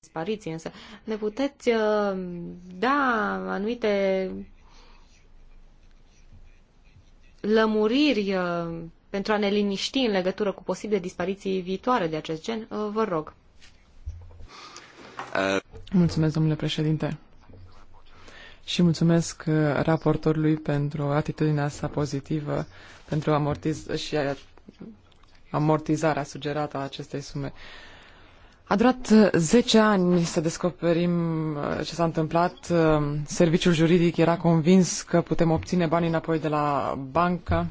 dispariție, însă ne puteți uh, da anumite lămuriri uh, pentru a ne liniști în legătură cu posibile dispariții viitoare de acest gen? Uh, vă rog. Mulțumesc, domnule președinte. Și mulțumesc raportorului pentru atitudinea sa pozitivă, pentru amortiz- și amortizarea sugerată a acestei sume. Uh, a durat 10 uh, ani să descoperim uh, ce s-a întâmplat. Uh, serviciul juridic era convins că putem obține banii înapoi de la bancă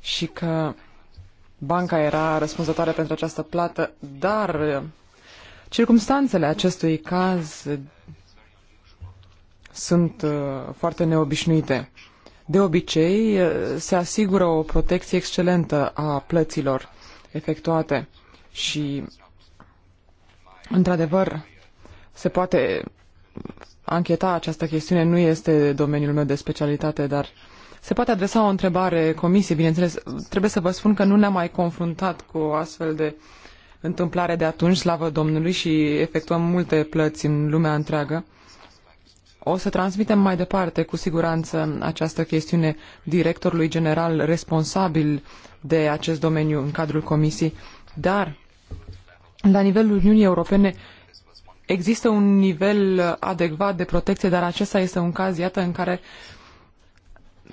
și că banca era răspunzătoare pentru această plată, dar circumstanțele acestui caz sunt foarte neobișnuite. De obicei, se asigură o protecție excelentă a plăților efectuate și Într-adevăr, se poate ancheta această chestiune, nu este domeniul meu de specialitate, dar se poate adresa o întrebare comisiei, bineînțeles. Trebuie să vă spun că nu ne-am mai confruntat cu o astfel de întâmplare de atunci, slavă Domnului, și efectuăm multe plăți în lumea întreagă. O să transmitem mai departe, cu siguranță, această chestiune directorului general responsabil de acest domeniu în cadrul comisiei, dar la nivelul Uniunii Europene există un nivel adecvat de protecție, dar acesta este un caz, iată, în care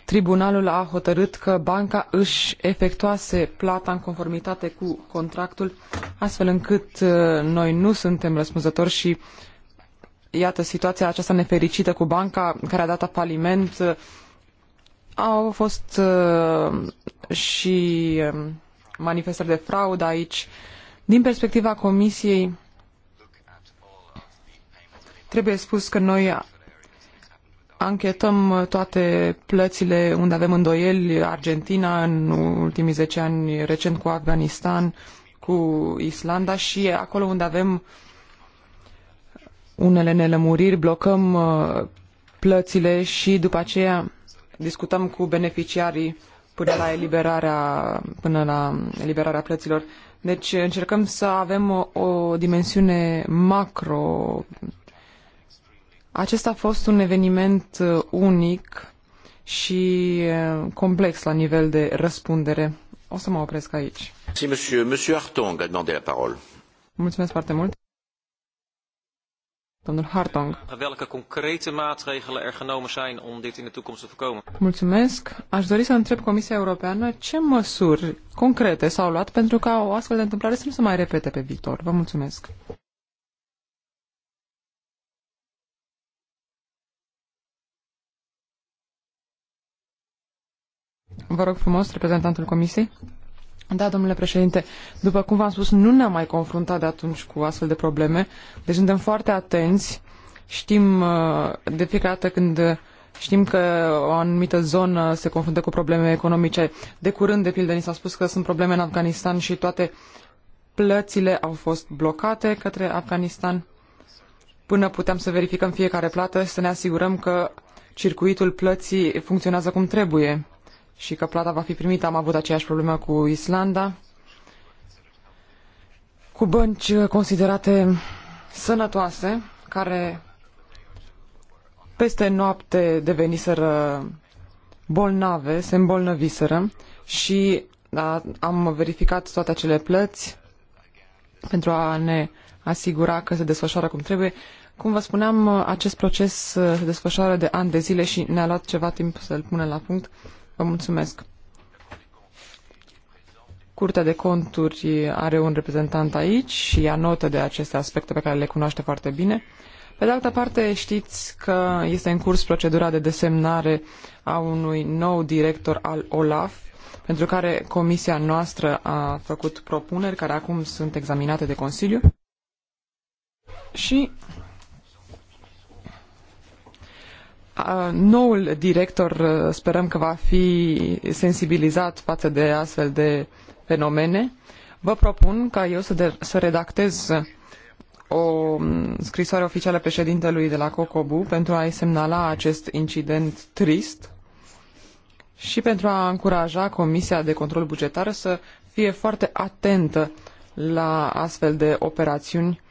tribunalul a hotărât că banca își efectuase plata în conformitate cu contractul, astfel încât uh, noi nu suntem răspunzători și iată situația aceasta nefericită cu banca care a dat faliment uh, au fost uh, și um, manifestări de fraudă aici uh, din perspectiva Comisiei, trebuie spus că noi anchetăm toate plățile unde avem îndoieli, Argentina în ultimii zece ani, recent cu Afganistan, cu Islanda și acolo unde avem unele nelămuriri, blocăm uh, plățile și după aceea discutăm cu beneficiarii până la eliberarea, până la eliberarea plăților. Deci încercăm să avem o, o dimensiune macro. Acesta a fost un eveniment uh, unic și uh, complex la nivel de răspundere. O să mă opresc aici. Mulțumesc foarte mult. Domnul Hartong. Welke concrete maatregelen er genomen zijn om dit in de toekomst te voorkomen? Mulțumesc. Aș dori să întreb Comisia Europeană ce măsuri concrete s-au luat pentru ca o astfel de întâmplare să nu se mai repete pe viitor. Vă mulțumesc. Vă rog frumos, reprezentantul Comisiei. Da, domnule președinte, după cum v-am spus, nu ne-am mai confruntat de atunci cu astfel de probleme, deci suntem foarte atenți, știm uh, de fiecare dată când Știm că o anumită zonă se confruntă cu probleme economice. De curând, de pildă, ni s-a spus că sunt probleme în Afganistan și toate plățile au fost blocate către Afganistan până puteam să verificăm fiecare plată și să ne asigurăm că circuitul plății funcționează cum trebuie și că plata va fi primită. Am avut aceeași problemă cu Islanda, cu bănci considerate sănătoase, care peste noapte deveniseră bolnave, se îmbolnăviseră și da, am verificat toate acele plăți pentru a ne asigura că se desfășoară cum trebuie. Cum vă spuneam, acest proces se desfășoară de ani de zile și ne-a luat ceva timp să-l punem la punct, Vă mulțumesc. Curtea de conturi are un reprezentant aici și notă de aceste aspecte pe care le cunoaște foarte bine. Pe de altă parte, știți că este în curs procedura de desemnare a unui nou director al OLAF, pentru care comisia noastră a făcut propuneri care acum sunt examinate de Consiliu. Și noul director uh, sperăm că va fi sensibilizat faă de astfel de fenomene. Vă propun ca eu să, de, să redactez uh, o mm, scrisoare oficială preedintelui de la Cocobu pentru a-i semnala acest incident trist și pentru a încuraja Comisia de Control Bugetar să fie foarte atentă la astfel de operațiuni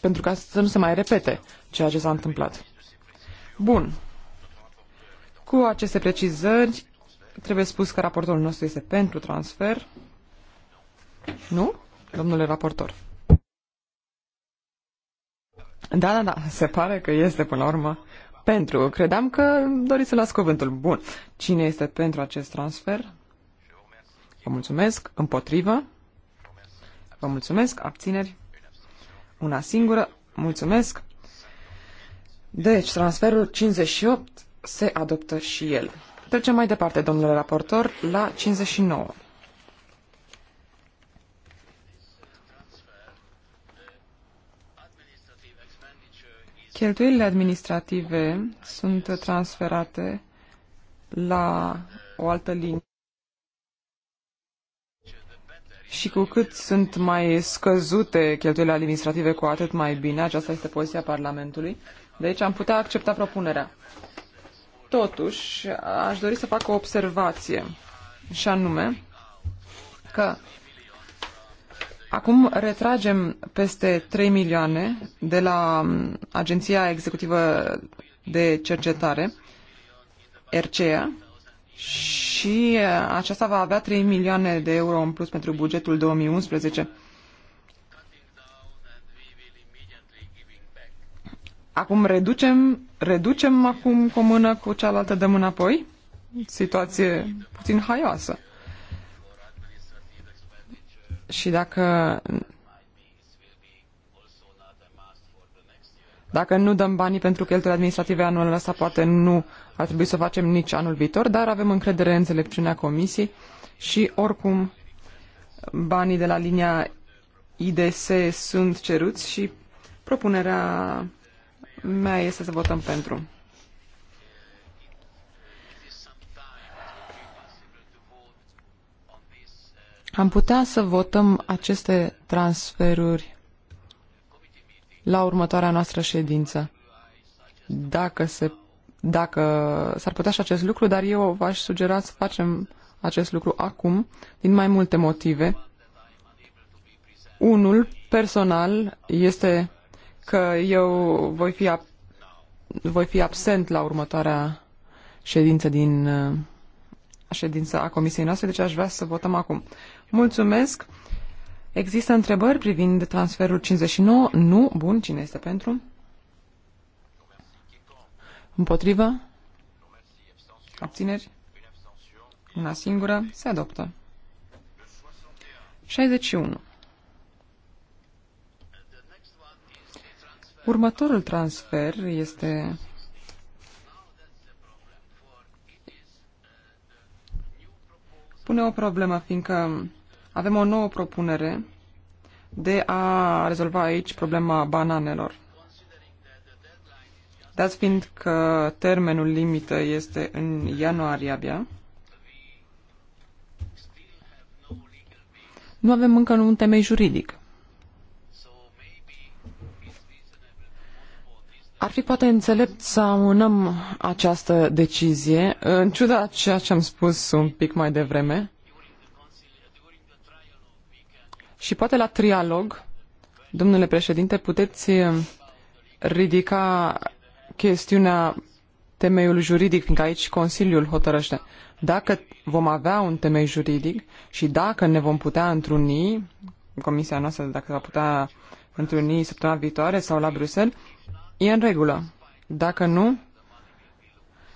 pentru ca să nu se mai repete ceea ce s-a întâmplat. Bun. Cu aceste precizări, trebuie spus că raportorul nostru este pentru transfer. Nu? Domnule raportor. Da, da, da, se pare că este până la urmă pentru. Credeam că doriți să las cuvântul. Bun. Cine este pentru acest transfer? Vă mulțumesc. Împotrivă? Vă mulțumesc. Abțineri? Una singură. Mulțumesc. Deci, transferul 58 se adoptă și el. Trecem mai departe, domnule raportor, la 59. Cheltuielile administrative sunt transferate la o altă linie. Și cu cât sunt mai scăzute cheltuielile administrative, cu atât mai bine. Aceasta este poziția Parlamentului. Deci am putea accepta propunerea. Totuși, aș dori să fac o observație, și anume că acum retragem peste 3 milioane de la Agenția Executivă de Cercetare, RCEA, și aceasta va avea 3 milioane de euro în plus pentru bugetul 2011. Acum reducem, reducem acum cu o mână, cu cealaltă dăm înapoi? Situație puțin haioasă. Și dacă Dacă nu dăm banii pentru cheltuieli administrative anul ăsta, poate nu ar trebui să o facem nici anul viitor, dar avem încredere în înțelepciunea comisiei și oricum banii de la linia IDS sunt ceruți și propunerea mea este să votăm pentru. Am putea să votăm aceste transferuri la următoarea noastră ședință. Dacă se dacă s-ar putea și acest lucru, dar eu v-aș sugera să facem acest lucru acum, din mai multe motive. Unul, personal, este că eu voi fi, ab... voi fi absent la următoarea ședință din uh, ședință a comisiei noastre, deci aș vrea să votăm acum. Mulțumesc! Există întrebări privind transferul 59? Nu. Bun. Cine este pentru? Împotrivă? Abțineri? Una singură. Se adoptă. 61. Următorul transfer este pune o problemă, fiindcă avem o nouă propunere de a rezolva aici problema bananelor. Dați fiind că termenul limită este în ianuarie abia, nu avem încă un temei juridic. Ar fi poate înțelept să amânăm această decizie, în ciuda ceea ce am spus un pic mai devreme. Și poate la trialog, domnule președinte, puteți eh, ridica chestiunea temeiul juridic, fiindcă aici Consiliul hotărăște. Dacă vom avea un temei juridic și dacă ne vom putea întruni, comisia noastră dacă va putea întruni săptămâna viitoare sau la Bruxelles, e în regulă. Dacă nu,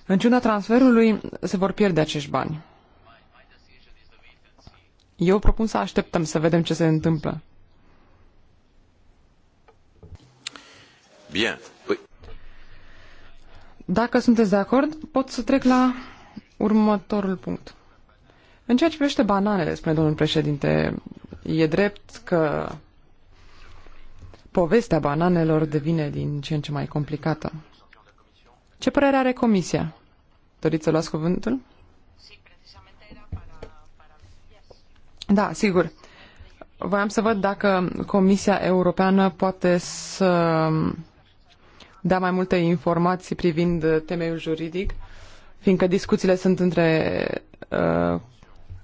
în ciuda transferului, se vor pierde acești bani. Eu propun să așteptăm să vedem ce se întâmplă. Bien. Dacă sunteți de acord, pot să trec la următorul punct. În ceea ce privește bananele, spune domnul președinte, e drept că povestea bananelor devine din ce în ce mai complicată. Ce părere are Comisia? Doriți să luați cuvântul? Da, sigur. Voiam să văd dacă Comisia Europeană poate să dea mai multe informații privind temeiul juridic, fiindcă discuțiile sunt între uh,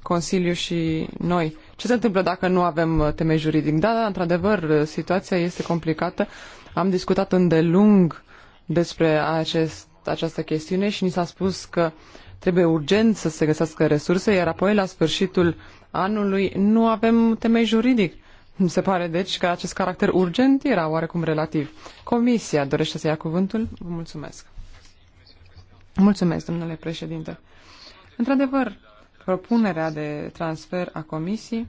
Consiliu și noi ce se întâmplă dacă nu avem uh, temei juridic. Da, da, într-adevăr, uh, situația este complicată. Am discutat îndelung despre acest, această chestiune și ni s-a spus că trebuie urgent să se găsească resurse, iar apoi la sfârșitul anului nu avem temei juridic. Mi se pare, deci, că acest caracter urgent era oarecum relativ. Comisia dorește să ia cuvântul? Vă mulțumesc. Mulțumesc, domnule președinte. Într-adevăr, propunerea de transfer a comisiei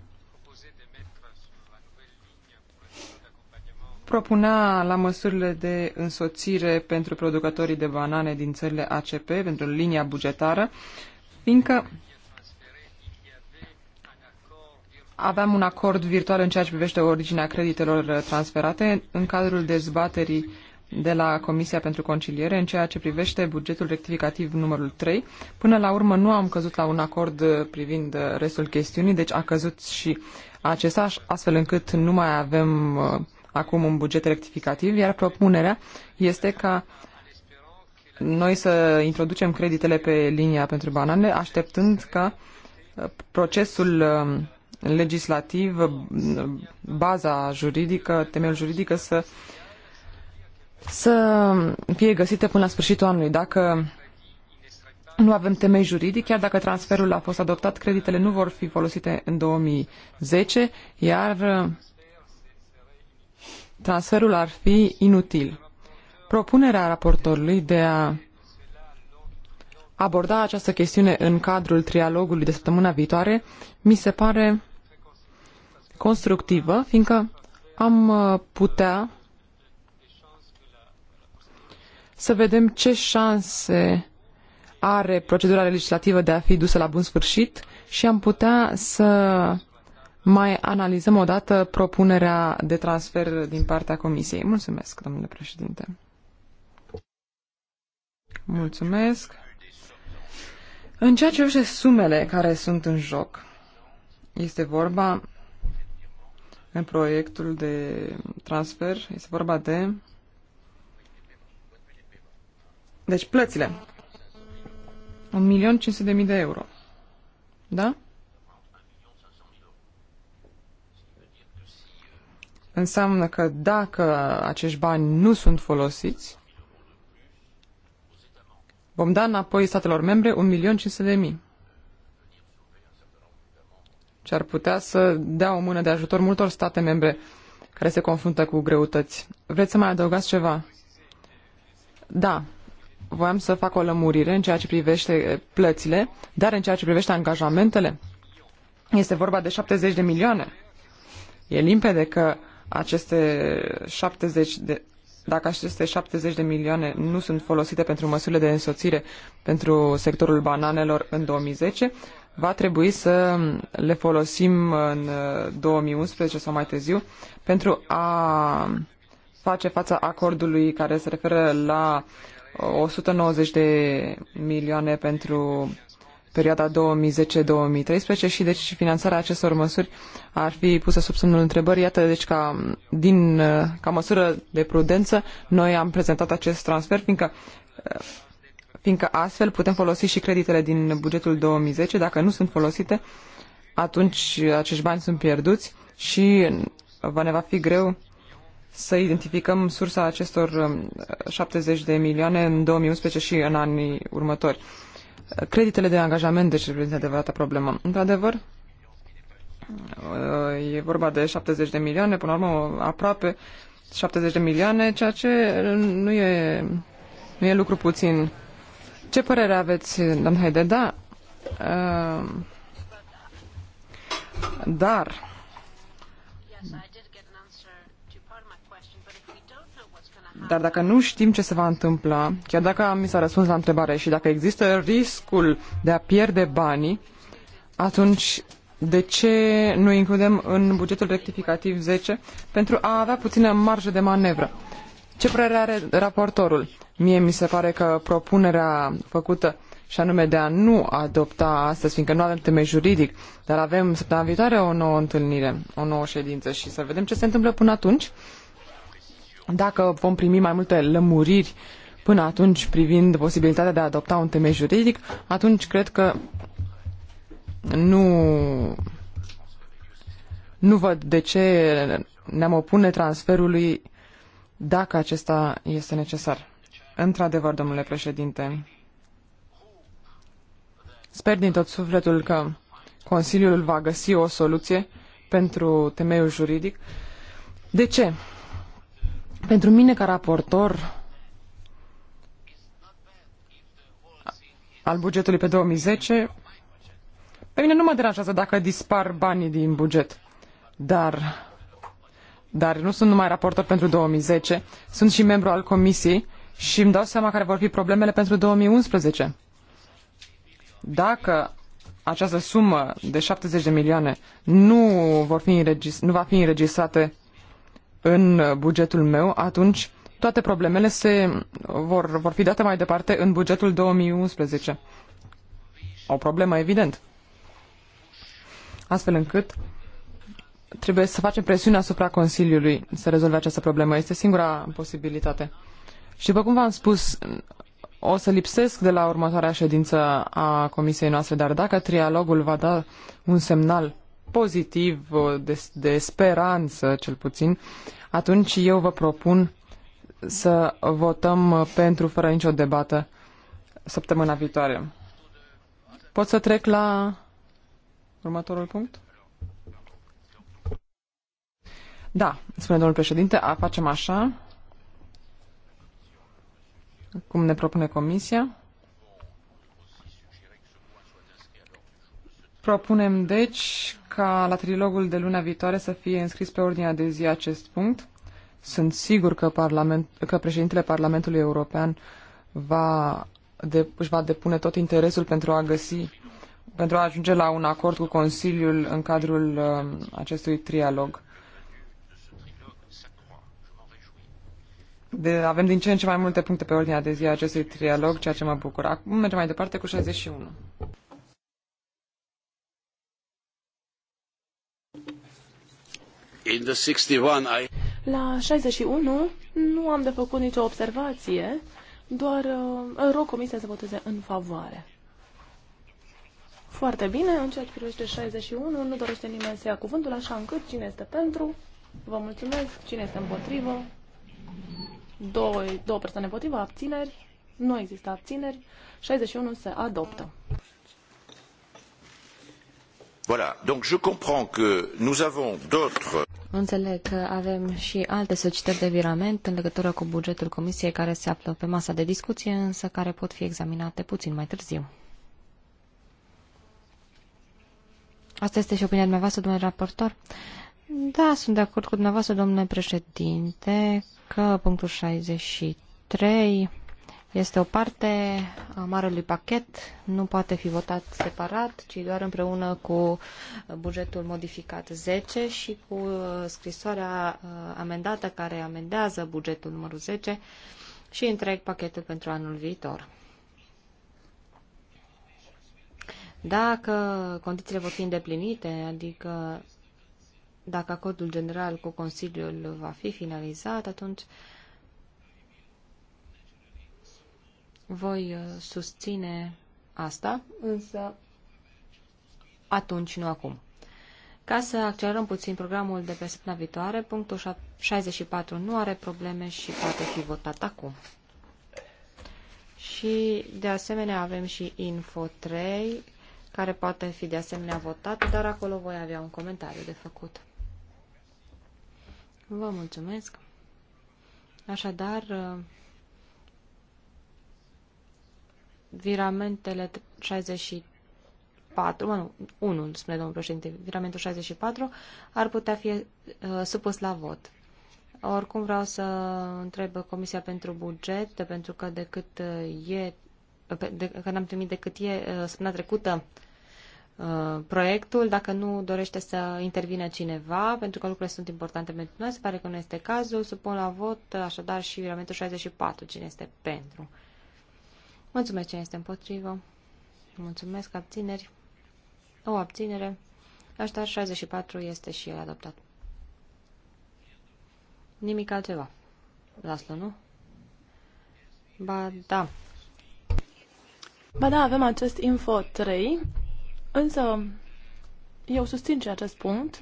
propunea la măsurile de însoțire pentru producătorii de banane din țările ACP, pentru linia bugetară, fiindcă aveam un acord virtual în ceea ce privește originea creditelor transferate în cadrul dezbaterii de la Comisia pentru Conciliere în ceea ce privește bugetul rectificativ numărul 3. Până la urmă nu am căzut la un acord privind restul chestiunii, deci a căzut și acesta, astfel încât nu mai avem uh, acum un buget rectificativ, iar propunerea este ca noi să introducem creditele pe linia pentru banane, așteptând ca uh, procesul um, legislativ, uh, baza juridică, temeiul juridică să să fie găsite până la sfârșitul anului. Dacă nu avem temei juridic, chiar dacă transferul a fost adoptat, creditele nu vor fi folosite în 2010, iar transferul ar fi inutil. Propunerea raportorului de a aborda această chestiune în cadrul trialogului de săptămâna viitoare mi se pare constructivă, fiindcă am putea să vedem ce șanse are procedura legislativă de a fi dusă la bun sfârșit și am putea să mai analizăm odată propunerea de transfer din partea Comisiei. Mulțumesc, domnule președinte. Mulțumesc. În ceea ce privește sumele care sunt în joc, este vorba în proiectul de transfer, este vorba de deci plățile. 1.500.000 de euro. Da? Înseamnă că dacă acești bani nu sunt folosiți, vom da înapoi statelor membre 1.500.000. Ce ar putea să dea o mână de ajutor multor state membre care se confruntă cu greutăți. Vreți să mai adăugați ceva? Da, voiam să fac o lămurire în ceea ce privește eh, plățile, dar în ceea ce privește angajamentele, este vorba de 70 de milioane. E limpede că aceste 70 de, dacă aceste 70 de milioane nu sunt folosite pentru măsurile de însoțire pentru sectorul bananelor în 2010, va trebui să le folosim în 2011 eh, sau mai târziu pentru a face fața acordului care se referă la 190 de milioane pentru perioada 2010-2013 și deci finanțarea acestor măsuri ar fi pusă sub semnul întrebării. Iată, deci ca, din, ca măsură de prudență, noi am prezentat acest transfer, fiindcă fiindcă astfel putem folosi și creditele din bugetul 2010. Dacă nu sunt folosite, atunci acești bani sunt pierduți și va ne va fi greu să identificăm sursa acestor 70 um, de milioane în 2011 și în anii următori. Creditele de angajament, deci, reprezintă adevărata problemă. Într-adevăr, uh, e vorba de 70 de milioane, până la urmă, aproape 70 de milioane, ceea ce nu e, nu e lucru puțin. Ce părere aveți, doamna Haide? Da, uh, dar Dar dacă nu știm ce se va întâmpla, chiar dacă mi s-a răspuns la întrebare și dacă există riscul de a pierde banii, atunci de ce nu includem în bugetul rectificativ 10 pentru a avea puțină marjă de manevră? Ce părere are raportorul? Mie mi se pare că propunerea făcută și anume de a nu adopta astăzi, fiindcă nu avem temei juridic, dar avem săptămâna viitoare o nouă întâlnire, o nouă ședință și să vedem ce se întâmplă până atunci. Dacă vom primi mai multe lămuriri până atunci privind posibilitatea de a adopta un temei juridic, atunci cred că nu, nu văd de ce ne-am opune transferului dacă acesta este necesar. Într-adevăr, domnule președinte, sper din tot sufletul că Consiliul va găsi o soluție pentru temeiul juridic. De ce? Pentru mine, ca raportor al bugetului pe 2010, pe mine nu mă deranjează dacă dispar banii din buget, dar, dar nu sunt numai raportor pentru 2010, sunt și membru al comisiei și îmi dau seama care vor fi problemele pentru 2011. Dacă această sumă de 70 de milioane nu, vor fi înregistr- nu va fi înregistrată în bugetul meu, atunci toate problemele se vor, vor fi date mai departe în bugetul 2011. O problemă, evident. Astfel încât trebuie să facem presiune asupra Consiliului să rezolve această problemă. Este singura posibilitate. Și după cum v-am spus, o să lipsesc de la următoarea ședință a comisiei noastre, dar dacă trialogul va da un semnal pozitiv, de, de speranță cel puțin, atunci eu vă propun să votăm pentru fără nicio debată săptămâna viitoare. Pot să trec la următorul punct? Da, spune domnul președinte, a, facem așa, cum ne propune comisia. Propunem, deci, ca la trilogul de luna viitoare să fie înscris pe ordinea de zi acest punct. Sunt sigur că, parlament, că președintele Parlamentului European va de, își va depune tot interesul pentru a găsi, pentru a ajunge la un acord cu Consiliul în cadrul uh, acestui trialog. De, avem din ce în ce mai multe puncte pe ordinea de zi a acestui trialog, ceea ce mă bucur. Acum mergem mai departe cu 61. La 61 nu am de făcut nicio observație, doar uh, rog comisia să voteze în favoare. Foarte bine, în ceea ce privește 61, nu dorește nimeni să ia cuvântul, așa încât cine este pentru, vă mulțumesc, cine este împotrivă, două, două persoane împotrivă, abțineri, nu există abțineri, 61 se adoptă. Voilà, donc je comprends que nous avons d'autres. Înțeleg că avem și alte solicitări de virament în legătură cu bugetul comisiei care se află pe masa de discuție, însă care pot fi examinate puțin mai târziu. Asta este și opinia dumneavoastră, domnule raportor? Da, sunt de acord cu dumneavoastră, domnule președinte, că punctul 63 este o parte a marelui pachet, nu poate fi votat separat, ci doar împreună cu bugetul modificat 10 și cu uh, scrisoarea uh, amendată care amendează bugetul numărul 10 și întreg pachetul pentru anul viitor. Dacă condițiile vor fi îndeplinite, adică dacă acordul general cu Consiliul va fi finalizat, atunci uh, Voi uh, susține asta, însă atunci, nu acum. Ca să accelerăm puțin programul de pe săptămâna viitoare, punctul 64 nu are probleme și poate fi votat acum. Și, de asemenea, avem și Info 3, care poate fi de asemenea votat, dar acolo voi avea un comentariu de făcut. Vă mulțumesc! Așadar, uh, viramentele 64, mă, nu, unul, spune domnul președinte, viramentul 64 ar putea fi uh, supus la vot. Oricum vreau să întreb Comisia pentru Buget, pentru că decât uh, e, de, că n-am primit decât e uh, săptămâna trecută uh, proiectul, dacă nu dorește să intervine cineva, pentru că lucrurile sunt importante pentru noi, se pare că nu este cazul, supun la vot așadar și viramentul 64, cine este pentru. Mulțumesc cine este împotrivă. Mulțumesc abțineri. O abținere. Așadar 64 este și el adoptat. Nimic altceva. Lasă-l, nu? Ba da. Ba da, avem acest info 3, însă eu susțin și acest punct,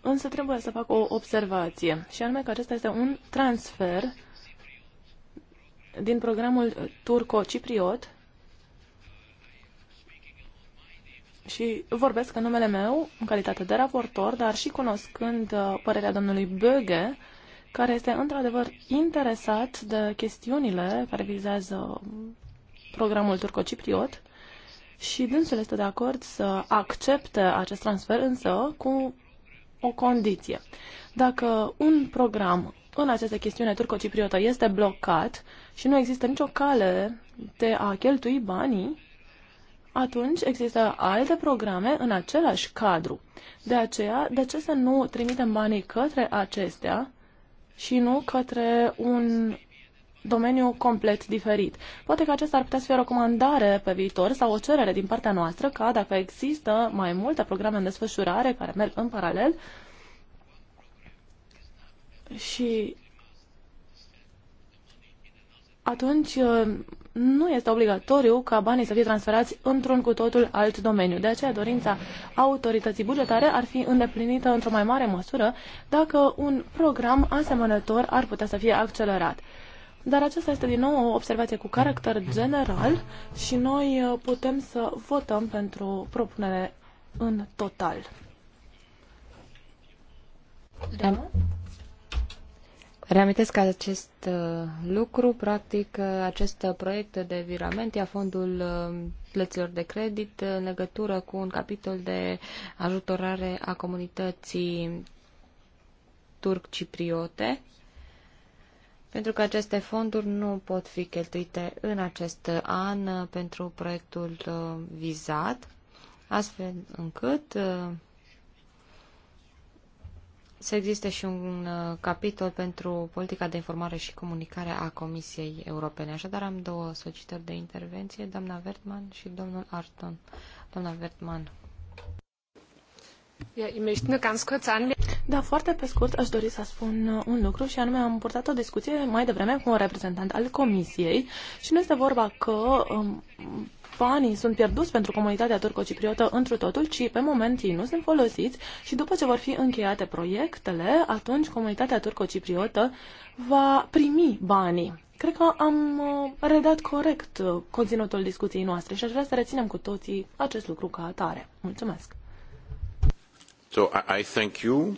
însă trebuie să fac o observație, și anume că acesta este un transfer din programul turco-cipriot și vorbesc în numele meu, în calitate de raportor, dar și cunoscând uh, părerea domnului Böge, care este într-adevăr interesat de chestiunile care vizează programul turco-cipriot și dânsul este de acord să accepte acest transfer, însă cu o condiție. Dacă un program în această chestiune turco-cipriotă este blocat și nu există nicio cale de a cheltui banii, atunci există alte programe în același cadru. De aceea, de ce să nu trimitem banii către acestea și nu către un domeniu complet diferit. Poate că acesta ar putea să fie o recomandare pe viitor sau o cerere din partea noastră ca dacă există mai multe programe în desfășurare care merg în paralel, și atunci uh, nu este obligatoriu ca banii să fie transferați într-un cu totul alt domeniu. De aceea dorința autorității bugetare ar fi îndeplinită într-o mai mare măsură dacă un program asemănător ar putea să fie accelerat. Dar aceasta este din nou o observație cu caracter general și noi uh, putem să votăm pentru propunere în total. Da. Reamintesc acest uh, lucru, practic uh, acest proiect de virament a fondul uh, plăților de credit în legătură cu un capitol de ajutorare a comunității turc-cipriote, pentru că aceste fonduri nu pot fi cheltuite în acest an pentru proiectul vizat, astfel încât să existe și un uh, capitol pentru politica de informare și comunicare a Comisiei Europene. Așadar, am două solicitări de intervenție, doamna Vertman și domnul Arton. Doamna Vertman. Da, foarte pe scurt aș dori să spun uh, un lucru și anume am purtat o discuție mai devreme cu un reprezentant al Comisiei și nu este vorba că um, banii sunt pierduți pentru comunitatea turco-cipriotă întru totul, ci pe moment ei nu sunt folosiți și după ce vor fi încheiate proiectele, atunci comunitatea turco-cipriotă va primi banii. Cred că am uh, redat corect uh, conținutul discuției noastre și aș vrea să reținem cu toții acest lucru ca atare. Mulțumesc! So, I thank you.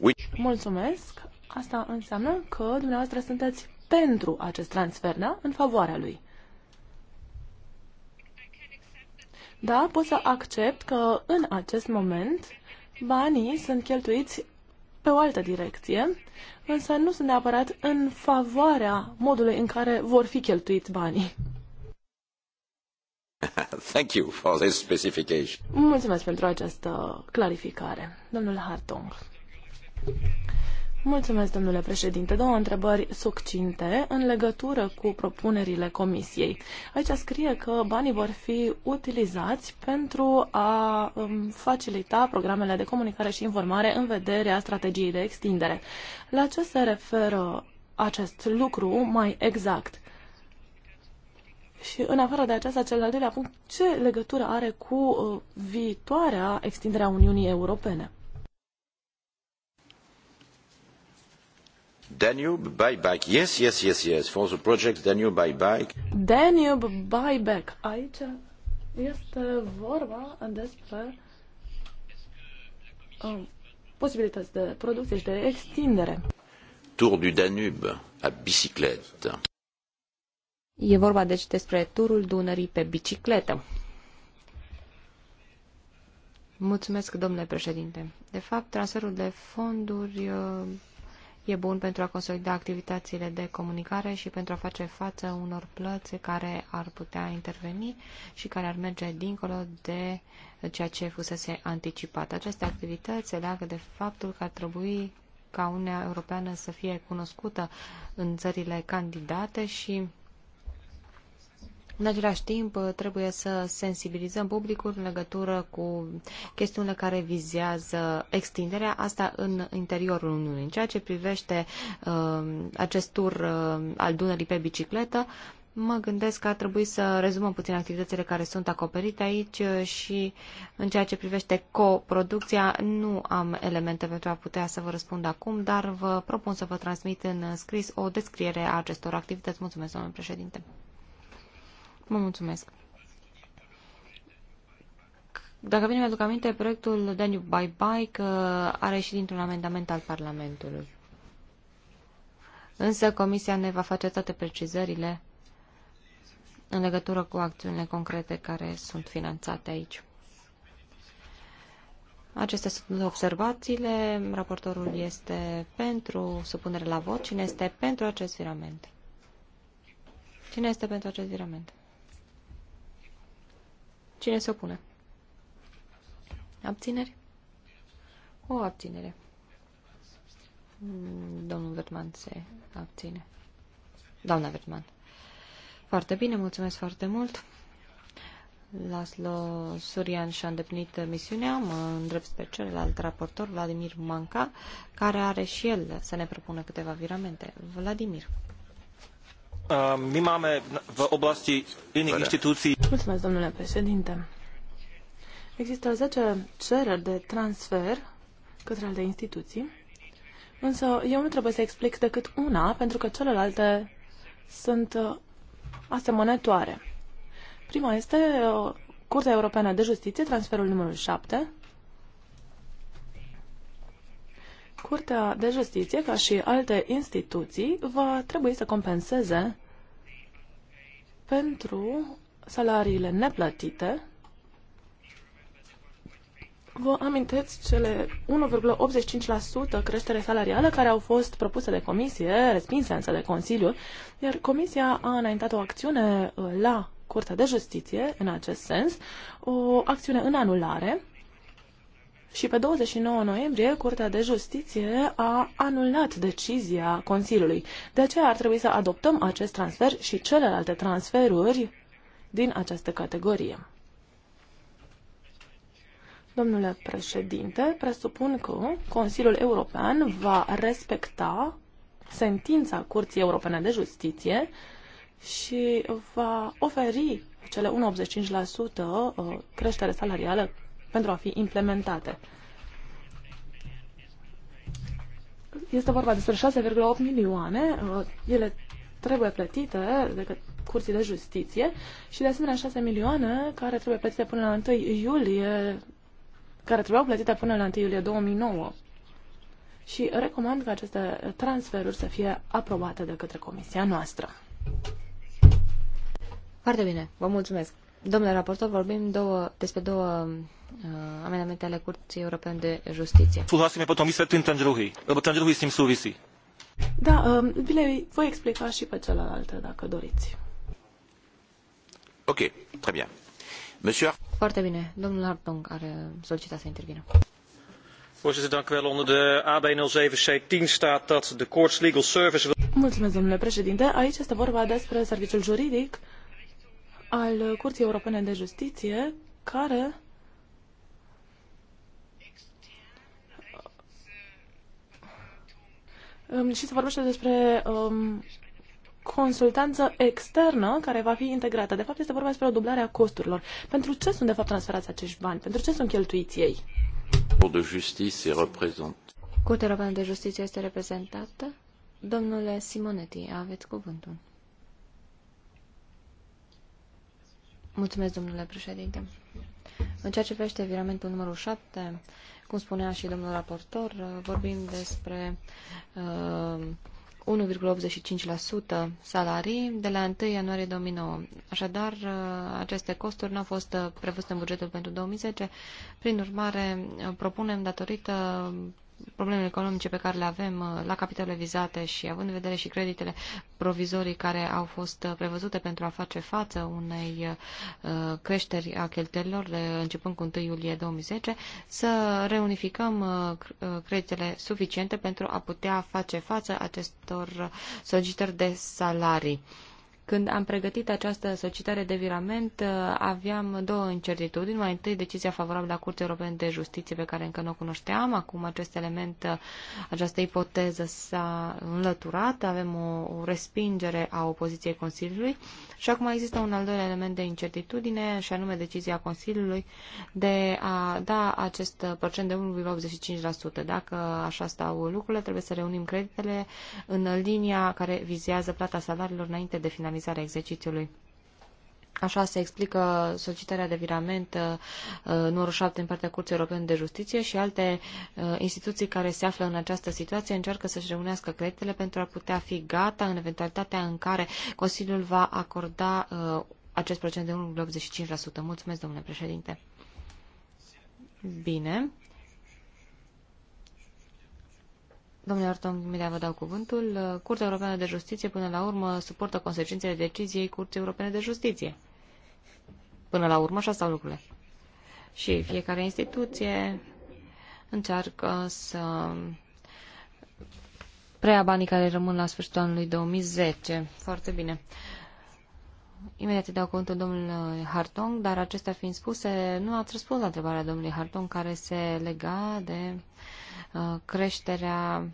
Which... Mulțumesc! Asta înseamnă că dumneavoastră sunteți pentru acest transfer, da? În favoarea lui. Da, pot să accept că în acest moment banii sunt cheltuiți pe o altă direcție, însă nu sunt neapărat în favoarea modului în care vor fi cheltuiți banii. Thank you for this specification. Mulțumesc pentru această clarificare, domnul Hartung. Mulțumesc, domnule președinte. Două întrebări succinte în legătură cu propunerile comisiei. Aici scrie că banii vor fi utilizați pentru a um, facilita programele de comunicare și informare în vederea strategiei de extindere. La ce se referă acest lucru mai exact? Și în afară de aceasta, cel al doilea punct, ce legătură are cu uh, viitoarea extinderea Uniunii Europene? Danube buyback. Yes, yes, yes, yes. For the project Danube buyback. Danube buyback. Aici este vorba despre um, posibilități de producție și de extindere. Tour du Danube a bicicletă. E vorba deci despre turul Dunării pe bicicletă. Mulțumesc, domnule președinte. De fapt, transferul de fonduri uh, e bun pentru a consolida activitățile de comunicare și pentru a face față unor plăți care ar putea interveni și care ar merge dincolo de ceea ce fusese anticipat. Aceste activități se leagă de faptul că ar trebui ca Uniunea Europeană să fie cunoscută în țările candidate și în același timp, trebuie să sensibilizăm publicul în legătură cu chestiunile care vizează extinderea, asta în interiorul Uniunii. În ceea ce privește uh, acest tur uh, al Dunării pe bicicletă, Mă gândesc că ar trebui să rezumăm puțin activitățile care sunt acoperite aici uh, și în ceea ce privește coproducția nu am elemente pentru a putea să vă răspund acum, dar vă propun să vă transmit în scris o descriere a acestor activități. Mulțumesc, domnule președinte. Vă mulțumesc. Dacă bine mi-aduc aminte, proiectul Danube by Bike a ieșit dintr-un amendament al Parlamentului. Însă Comisia ne va face toate precizările în legătură cu acțiunile concrete care sunt finanțate aici. Acestea sunt observațiile. Raportorul este pentru supunere la vot. Cine este pentru acest virament? Cine este pentru acest virament? Cine se opune? Abțineri? O abținere. Mm, domnul Vertman se abține. Doamna Vertman. Foarte bine, mulțumesc foarte mult. Laslo Surian și-a îndeplinit misiunea, mă îndrept spre celălalt raportor, Vladimir Manca, care are și el să ne propună câteva viramente. Vladimir. Ehm, my máme v oblasti iných inštitúcií... Mulțumesc, domnule președinte. Există 10 cereri de transfer către alte instituții, însă eu nu trebuie să explic decât una, pentru că celelalte sunt uh, asemănătoare. Prima este uh, Curtea Europeană de Justiție, transferul numărul 7, Curtea de Justiție, ca și alte instituții, va trebui să compenseze pentru salariile neplătite. Vă amintiți cele 1,85% creștere salarială care au fost propuse de comisie, respinse însă de Consiliu, iar comisia a înaintat o acțiune uh, la Curtea de Justiție în acest sens, o acțiune în anulare, și pe 29 noiembrie Curtea de Justiție a anulat decizia Consiliului. De aceea ar trebui să adoptăm acest transfer și celelalte transferuri din această categorie. Domnule președinte, presupun că Consiliul European va respecta sentința Curții Europene de Justiție și va oferi cele 1,85% uh, creștere salarială pentru a fi implementate. Este vorba despre 6,8 milioane, uh, ele trebuie plătite de curții de justiție și de asemenea 6 milioane care trebuie plătite până la 1 iulie, care trebuiau plătite până la 1 iulie 2009. Și recomand ca aceste transferuri să fie aprobate de către comisia noastră. Foarte bine, vă mulțumesc. Domnule raportor, vorbim două, despre două Uh, amendamentele Curții Europene de Justiție. Súhlasíme potom vysvetlím ten druhý, lebo ten druhý s tým súvisí. Da, um, bine, voi explica și pe celălalt, dacă doriți. Ok, très bien. Monsieur... Foarte bine. Domnul Hartong are solicitat să intervină. Voorzitter, dank u wel. Onder de AB07C10 staat dat de Courts Legal Service... Mulțumesc, domnule președinte. Aici este vorba despre serviciul juridic al Curții Europene de Justiție, care și se vorbește despre um, consultanță externă care va fi integrată. De fapt, este vorba despre o dublare a costurilor. Pentru ce sunt, de fapt, transferați acești bani? Pentru ce sunt cheltuiți ei? de justiție reprezent. Curtea Europeană de Justiție este reprezentată. Domnule Simonetti, aveți cuvântul. Mulțumesc, domnule președinte. În ceea ce privește viramentul numărul 7, cum spunea și domnul raportor, uh, vorbim despre uh, 1,85% salarii de la 1 ianuarie 2009. Așadar, uh, aceste costuri nu au fost uh, prevăzute în bugetul pentru 2010. Prin urmare, propunem datorită problemele economice pe care le avem uh, la capitole vizate și având în vedere și creditele provizorii care au fost uh, prevăzute pentru a face față unei uh, creșteri a cheltuielilor începând cu 1 iulie 2010, să reunificăm creditele suficiente pentru a putea face față acestor solicitări de salarii. Când am pregătit această solicitare de virament, uh, aveam două incertitudini. Mai întâi, decizia favorabilă a Curții Europene de Justiție, pe care încă nu o cunoșteam. Acum acest element, uh, această ipoteză s-a înlăturat. Avem o respingere a opoziției Consiliului. Și acum există un al doilea element de incertitudine, și anume decizia Consiliului de a da acest procent de 1,85%. Dacă așa stau lucrurile, trebuie să reunim creditele în linia care vizează plata salariilor înainte de finalizare organizarea exercițiului. Așa se explică solicitarea de virament uh, numărul 7 în partea Curții Europene de Justiție și alte uh, instituții care se află în această situație încearcă să-și reunească creditele pentru a putea fi gata în eventualitatea în care Consiliul va acorda uh, acest procent de 1,85%. Mulțumesc, domnule președinte. Bine. Domnule Artom, imediat vă dau cuvântul. Curtea Europeană de Justiție, până la urmă, suportă consecințele deciziei Curții Europene de Justiție. Până la urmă, așa stau lucrurile. Și fiecare instituție încearcă să preia banii care rămân la sfârșitul anului 2010. Foarte bine. Imediat îi dau cuvântul domnului Hartong, dar acestea fiind spuse, nu ați răspuns la întrebarea domnului Hartong care se lega de uh, Uh, creșterea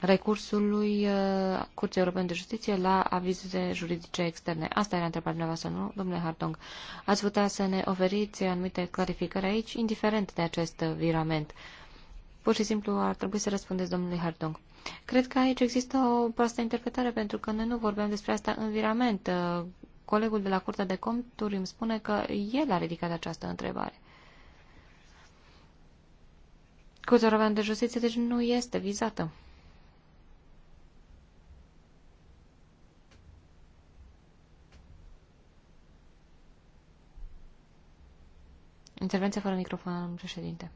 recursului uh, Curții Europene de Justiție la avize juridice externe. Asta era întrebarea dumneavoastră, nu, domnule Hartong? Ați putea să ne oferiți anumite clarificări aici, indiferent de acest virament. Pur și simplu ar trebui să răspundeți domnului Hartong. Cred că aici există o proastă interpretare, pentru că noi nu vorbeam despre asta în virament. Colegul de la Curtea de Conturi îmi spune că el a ridicat această întrebare. Curtea Europeană de Justiție deci nu este vizată. Intervenția fără microfon, președinte.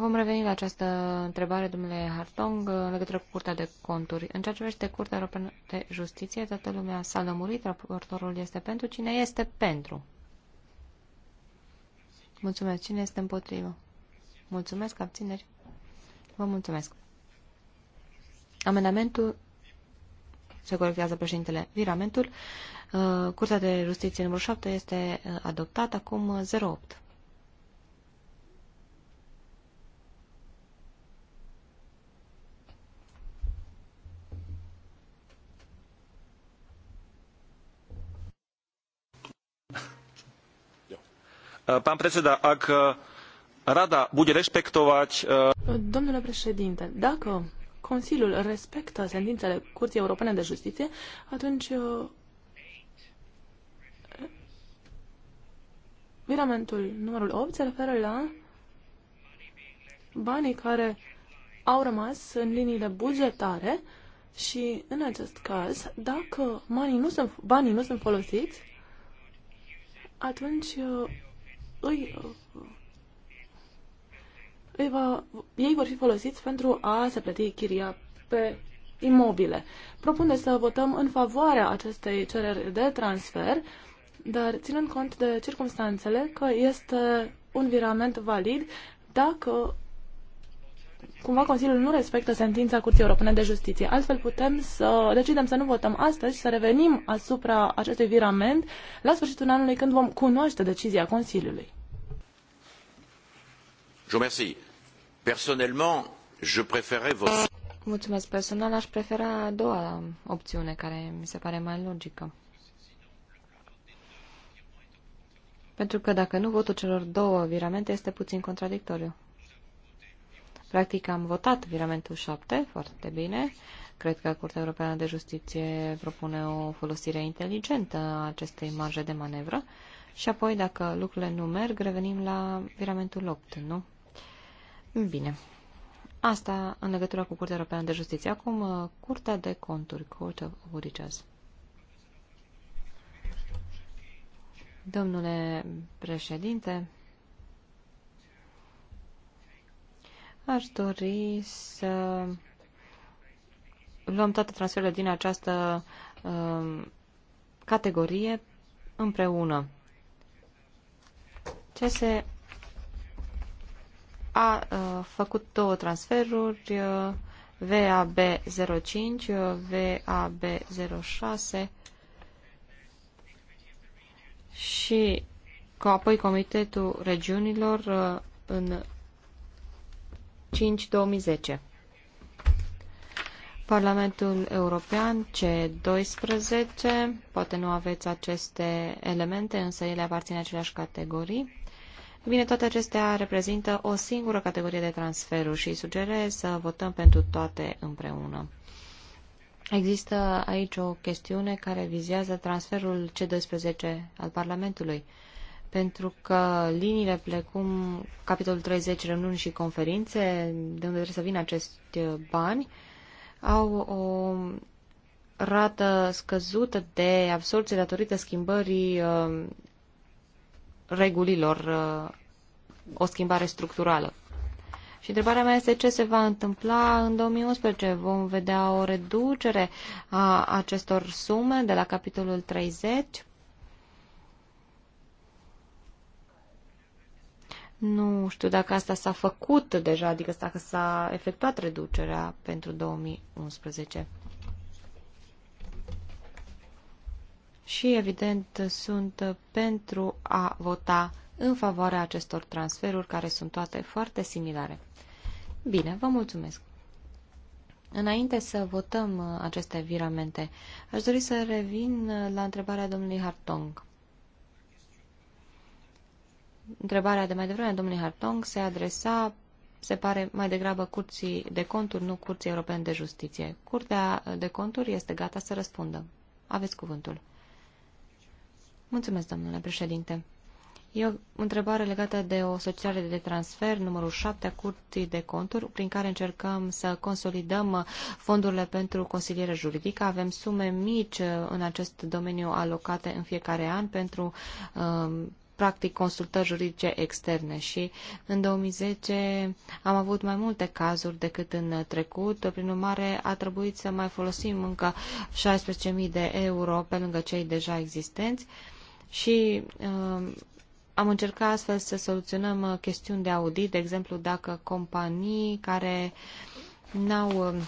Vom reveni la această întrebare, domnule Hartong, în legătură cu Curtea de Conturi. În ceea ce privește Curtea Europeană de Justiție, toată lumea s-a lămurit, raportorul este pentru. Cine este pentru? Mulțumesc. Cine este împotrivă? Mulțumesc, abțineri. Vă mulțumesc. Amendamentul se corectează președintele. Viramentul. Uh, Curtea de Justiție numărul 7 este uh, adoptat acum 08. Uh, Eh, pán predseda, ak eh, Rada bude rešpektovať... Eh, Domnule președinte, dacă Consiliul respectă sentințele Curții Europene de Justiție, atunci viramentul numărul 8 se referă la banii care au rămas în liniile bugetare și în acest caz, dacă banii nu sunt, banii nu sunt folosiți, atunci îi, îi va, ei vor fi folosiți pentru a se plăti chiria pe imobile. Propune să votăm în favoarea acestei cereri de transfer, dar ținând cont de circunstanțele că este un virament valid dacă cumva Consiliul nu respectă sentința Curții Europene de Justiție. Altfel putem să decidem să nu votăm astăzi și să revenim asupra acestui virament la sfârșitul anului când vom cunoaște decizia Consiliului. Mulțumesc. Personal aș prefera a doua opțiune, care mi se pare mai logică. Pentru că dacă nu, votul celor două viramente este puțin contradictoriu. Practic am votat viramentul 7, foarte bine. Cred că Curtea Europeană de Justiție propune o folosire inteligentă a acestei marje de manevră. Și apoi, dacă lucrurile nu merg, revenim la viramentul 8, nu? Bine. Asta în legătură cu Curtea Europeană de Justiție. Acum, uh, Curtea de Conturi, Court of Auditors. Domnule președinte, Aș dori să luăm toate transferurile din această uh, categorie împreună. Ce se a uh, făcut două transferuri, uh, VAB05, uh, VAB06 și cu apoi Comitetul Regiunilor uh, în 2005-2010. Parlamentul European C12, poate nu aveți aceste elemente, însă ele aparțin aceleași categorii. Bine, toate acestea reprezintă o singură categorie de transferuri și sugerez să votăm pentru toate împreună. Există aici o chestiune care vizează transferul C12 al Parlamentului pentru că liniile precum capitolul 30, reuniuni și conferințe, de unde trebuie să vină acești uh, bani, au o rată scăzută de absorție datorită schimbării uh, regulilor, uh, o schimbare structurală. Și întrebarea mea este ce se va întâmpla în 2011. Vom vedea o reducere a acestor sume de la capitolul 30 Nu știu dacă asta s-a făcut deja, adică dacă s-a efectuat reducerea pentru 2011. Și, evident, sunt pentru a vota în favoarea acestor transferuri, care sunt toate foarte similare. Bine, vă mulțumesc! Înainte să votăm aceste viramente, aș dori să revin la întrebarea domnului Hartong întrebarea de mai devreme a domnului Hartong se adresa, se pare, mai degrabă Curții de Conturi, nu Curții Europene de Justiție. Curtea de Conturi este gata să răspundă. Aveți cuvântul. Mulțumesc, domnule președinte. E o întrebare legată de o societate de transfer, numărul 7 a Curții de Conturi, prin care încercăm să consolidăm fondurile pentru consiliere juridică. Avem sume mici în acest domeniu alocate în fiecare an pentru uh, practic consultări juridice externe și în 2010 am avut mai multe cazuri decât în trecut, prin urmare a trebuit să mai folosim încă 16.000 de euro pe lângă cei deja existenți și uh, am încercat astfel să soluționăm uh, chestiuni de audit, de exemplu dacă companii care n-au uh,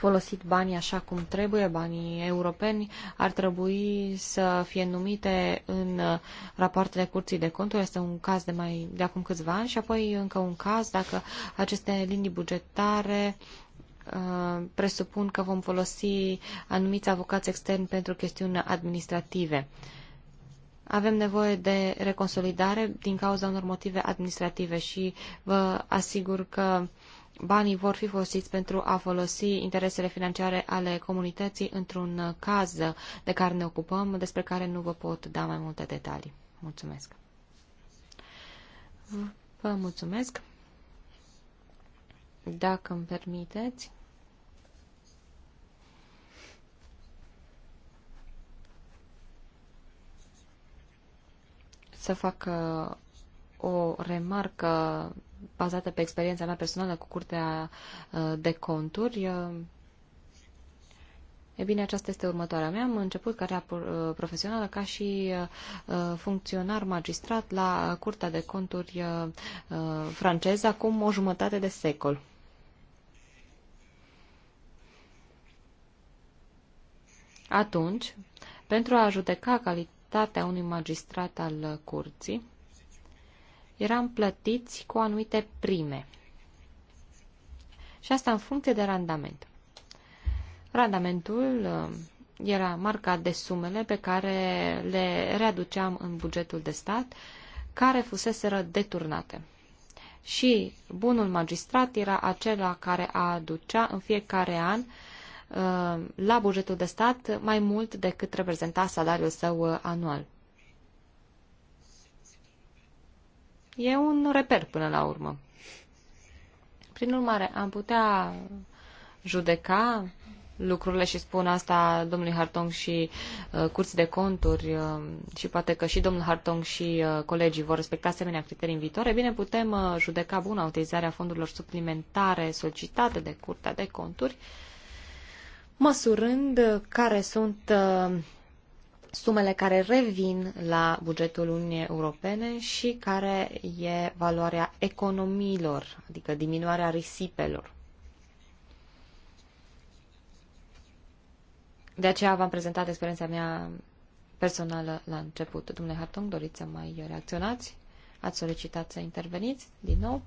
folosit banii așa cum trebuie, banii europeni, ar trebui să fie numite în uh, rapoartele curții de conturi. Este un caz de mai de acum câțiva ani și apoi încă un caz dacă aceste linii bugetare uh, presupun că vom folosi anumiți avocați externi pentru chestiuni administrative. Avem nevoie de reconsolidare din cauza unor motive administrative și vă asigur că uh, banii vor fi folosiți pentru a folosi interesele financiare ale comunității într-un caz de care ne ocupăm, despre care nu vă pot da mai multe detalii. Mulțumesc. Vă mulțumesc. Dacă îmi permiteți. Să fac uh, o remarcă bazată pe experiența mea personală cu Curtea uh, de Conturi, uh, E bine, aceasta este următoarea mea. Am început cariera uh, profesională ca și funcționar magistrat la Curtea de Conturi franceză acum o jumătate de secol. Atunci, pentru a judeca calitatea unui magistrat al curții, eram plătiți cu anumite prime. Și asta în funcție de randament. Randamentul uh, era marcat de sumele pe care le readuceam în bugetul de stat, care fuseseră deturnate. Și bunul magistrat era acela care aducea în fiecare an uh, la bugetul de stat mai mult decât reprezenta salariul său uh, anual. E un reper până la urmă. Prin urmare, am putea judeca lucrurile și spun asta domnului Hartong și uh, curții de conturi uh, și poate că și domnul Hartong și uh, colegii vor respecta asemenea criterii în viitoare, bine putem uh, judeca bună utilizarea fondurilor suplimentare solicitate de curtea de conturi, măsurând care sunt uh, sumele care revin la bugetul Uniunii Europene și care e valoarea economiilor, adică diminuarea risipelor. De aceea v-am prezentat experiența mea personală la început. Domnule Hartung, doriți să mai reacționați? Ați solicitat să interveniți din nou?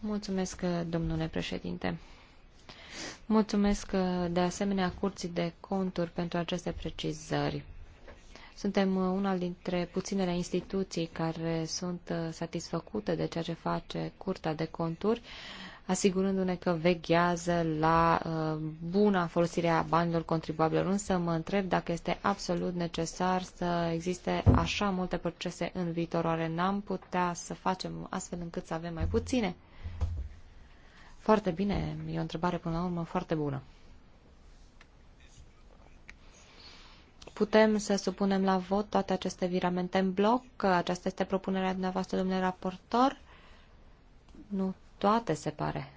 Mulțumesc, domnule președinte. Mulțumesc uh, de asemenea Curții de Conturi pentru aceste precizări. Suntem uh, una dintre puținele instituții care sunt uh, satisfăcute de ceea ce face Curtea de Conturi, asigurându-ne că veghează la buna folosirea banilor contribuabilor. Însă mă întreb dacă este absolut necesar să existe așa multe procese în viitor. Oare n-am putea să facem astfel încât să avem mai puține? Foarte bine, e o întrebare până la urmă foarte bună. Putem să supunem la vot toate aceste viramente în bloc? Aceasta este propunerea dumneavoastră, domnule raportor? Nu, toate se pare.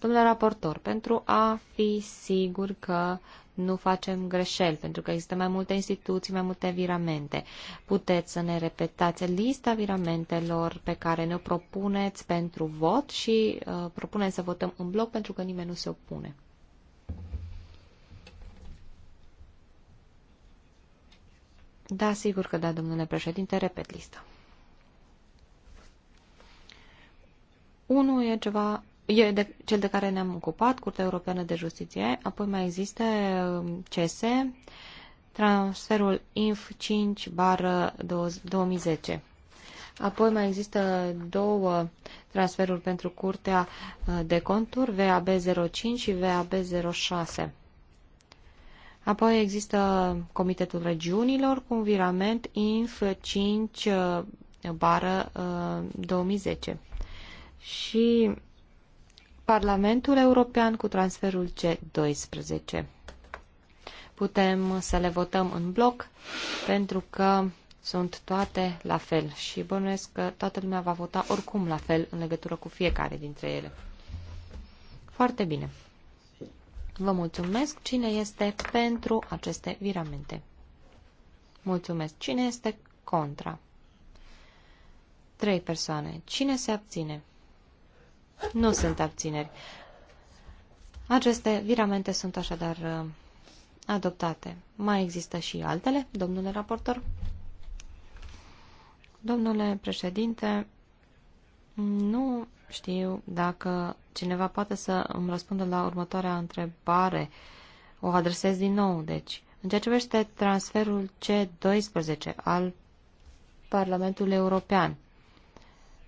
Domnule raportor, pentru a fi sigur că nu facem greșeli, pentru că există mai multe instituții, mai multe viramente. Puteți să ne repetați lista viramentelor pe care ne-o propuneți pentru vot și uh, propunem să votăm în bloc pentru că nimeni nu se opune. Da, sigur că da, domnule președinte, repet lista. 1 e ceva e de, cel de care ne-am ocupat, Curtea Europeană de Justiție, apoi mai există um, CS, transferul INF 5 bară 2010. Apoi mai există două transferuri pentru Curtea uh, de Conturi, VAB 05 și VAB 06. Apoi există Comitetul Regiunilor cu un virament INF 5 uh, bară 2010. Uh, și Parlamentul European cu transferul C12. Putem să le votăm în bloc pentru că sunt toate la fel și bănuiesc că toată lumea va vota oricum la fel în legătură cu fiecare dintre ele. Foarte bine. Vă mulțumesc. Cine este pentru aceste viramente? Mulțumesc. Cine este contra? Trei persoane. Cine se abține? Nu sunt abțineri. Aceste viramente sunt așadar uh, adoptate. Mai există și altele, domnule raportor? Domnule președinte, nu știu dacă cineva poate să îmi răspundă la următoarea întrebare. O adresez din nou, deci. În ceea ce privește transferul C12 al Parlamentului European,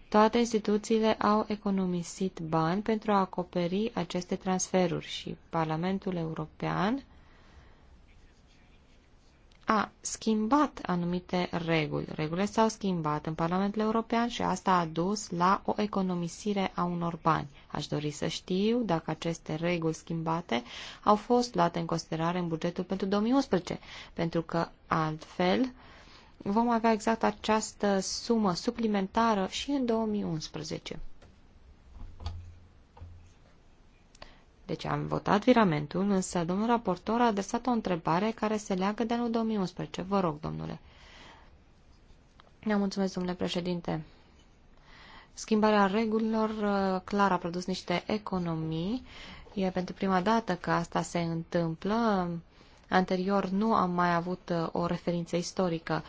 toate instituțiile au economisit bani pentru a acoperi aceste transferuri și Parlamentul European a schimbat anumite reguli. Regulile s-au schimbat în Parlamentul European și asta a dus la o economisire a unor bani. Aș dori să știu dacă aceste reguli schimbate au fost luate în considerare în bugetul pentru 2011, pentru că altfel vom avea exact această sumă suplimentară și în 2011. Deci am votat viramentul, însă domnul raportor a adresat o întrebare care se leagă de anul 2011. Vă rog, domnule. Ne da, mulțumesc, domnule președinte. Schimbarea regulilor uh, clar a produs niște economii. E pentru prima dată că asta se întâmplă Anterior nu am mai avut uh, o referință istorică,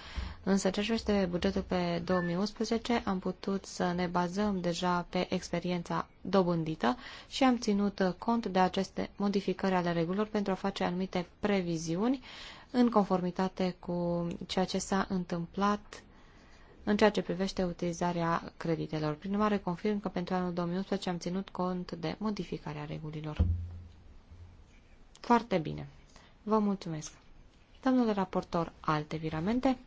însă ce este bugetul pe 2011 am putut să ne bazăm deja pe experiența dobândită și am ținut uh, cont de aceste modificări ale regulilor pentru a face anumite previziuni în conformitate cu ceea ce s-a întâmplat în ceea ce privește utilizarea creditelor. Prin urmare, confirm că pentru anul 2011 am ținut cont de modificarea regulilor. Foarte bine. Vă mulțumesc. Domnule raportor, alte viramente?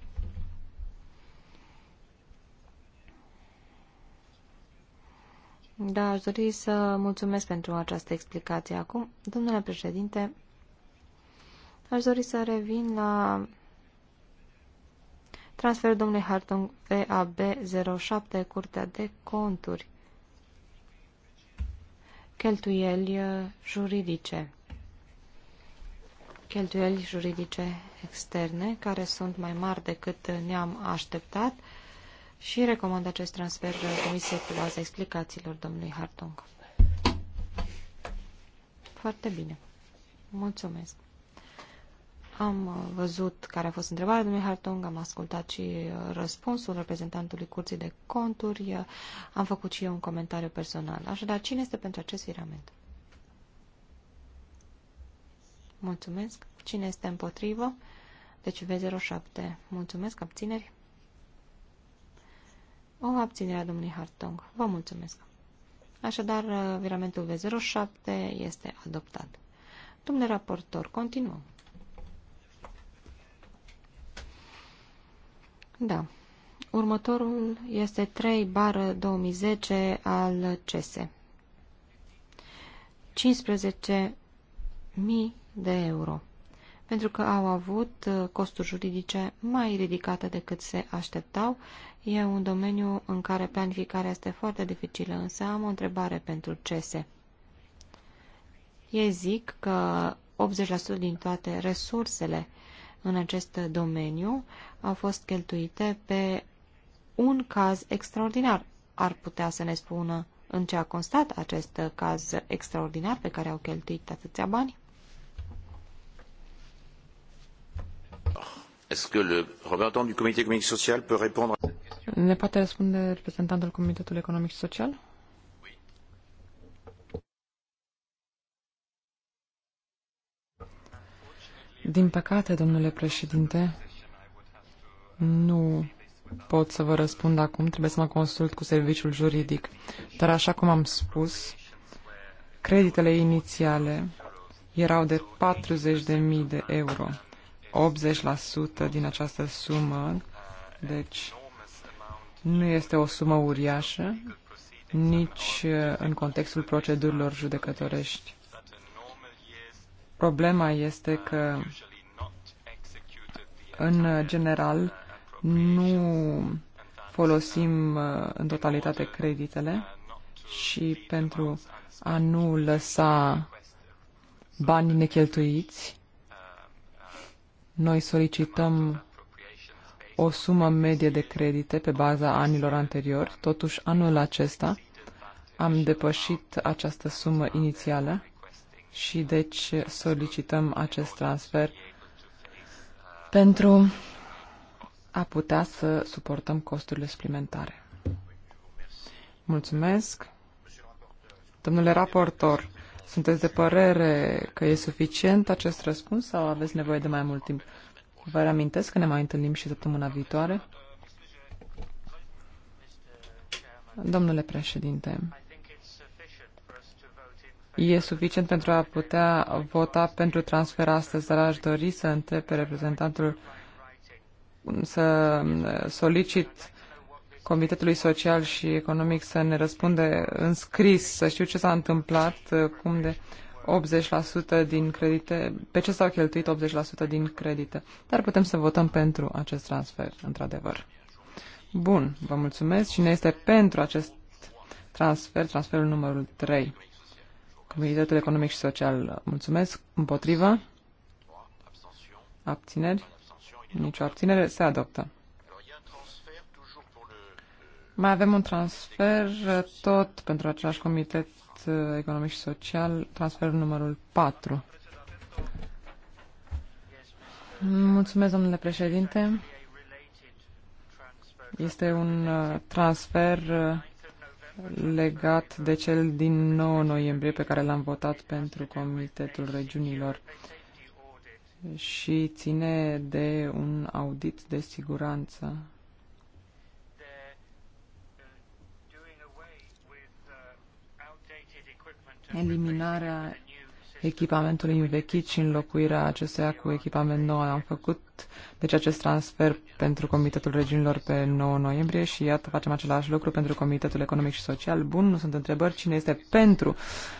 Da, aș dori să mulțumesc pentru această explicație acum. Domnule președinte, aș dori să revin la transferul domnului Hartung VAB07, Curtea de Conturi, cheltuieli juridice cheltuieli juridice externe, care sunt mai mari decât ne-am așteptat și recomand acest transfer Comisiei pe baza explicațiilor domnului Hartung. Foarte bine. Mulțumesc. Am văzut care a fost întrebarea domnului Hartung, am ascultat și răspunsul reprezentantului Curții de Conturi, am făcut și eu un comentariu personal. Așadar, cine este pentru acest virament? Mulțumesc. Cine este împotrivă? Deci V07. Mulțumesc. Abțineri? O abținere a domnului Hartong. Vă mulțumesc. Așadar, uh, viramentul V07 este adoptat. Domnule raportor, continuăm. Da. Următorul este 3 bară 2010 al CESE. mii de euro, pentru că au avut uh, costuri juridice mai ridicate decât se așteptau. E un domeniu în care planificarea este foarte dificilă, însă am o întrebare pentru CESE. Ei zic că 80% din toate resursele în acest domeniu au fost cheltuite pe un caz extraordinar. Ar putea să ne spună în ce a constat acest caz extraordinar pe care au cheltuit atâția bani? social Ne poate răspunde reprezentantul Comitetului Economic și Social? Din păcate, domnule președinte, nu pot să vă răspund acum, trebuie să mă consult cu serviciul juridic. Dar așa cum am spus, creditele inițiale erau de 40.000 de euro. 80% din această sumă, deci nu este o sumă uriașă, nici uh, în contextul procedurilor judecătorești. Problema este că, în general, nu folosim uh, în totalitate creditele și pentru a nu lăsa banii necheltuiți, noi solicităm o sumă medie de credite pe baza anilor anteriori, totuși anul acesta am depășit această sumă inițială și deci solicităm acest transfer pentru a putea să suportăm costurile suplimentare. Mulțumesc. Domnule raportor, sunteți de părere că e suficient acest răspuns sau aveți nevoie de mai mult timp? Vă reamintesc că ne mai întâlnim și săptămâna viitoare. Domnule președinte, e suficient pentru a putea vota pentru transfer astăzi, dar aș dori să întreb pe reprezentantul să solicit Comitetului Social și Economic să ne răspunde în scris, să știu ce s-a întâmplat, cum de 80% din credite, pe ce s-au cheltuit 80% din credite. Dar putem să votăm pentru acest transfer, într-adevăr. Bun, vă mulțumesc. Cine este pentru acest transfer, transferul numărul 3? Comitetul Economic și Social, mulțumesc. Împotriva? Abțineri? Nicio abținere. Se adoptă. Mai avem un transfer uh, tot pentru același comitet uh, economic și social, transferul numărul 4. Mulțumesc, domnule președinte. Este un uh, transfer legat de cel din 9 noiembrie pe care l-am votat pentru Comitetul Regiunilor și ține de un audit de siguranță eliminarea echipamentului învechit și înlocuirea acestuia cu echipament nou. Am făcut deci acest transfer pentru Comitetul Regiunilor pe 9 noiembrie și iată facem același lucru pentru Comitetul Economic și Social. Bun, nu sunt întrebări cine este pentru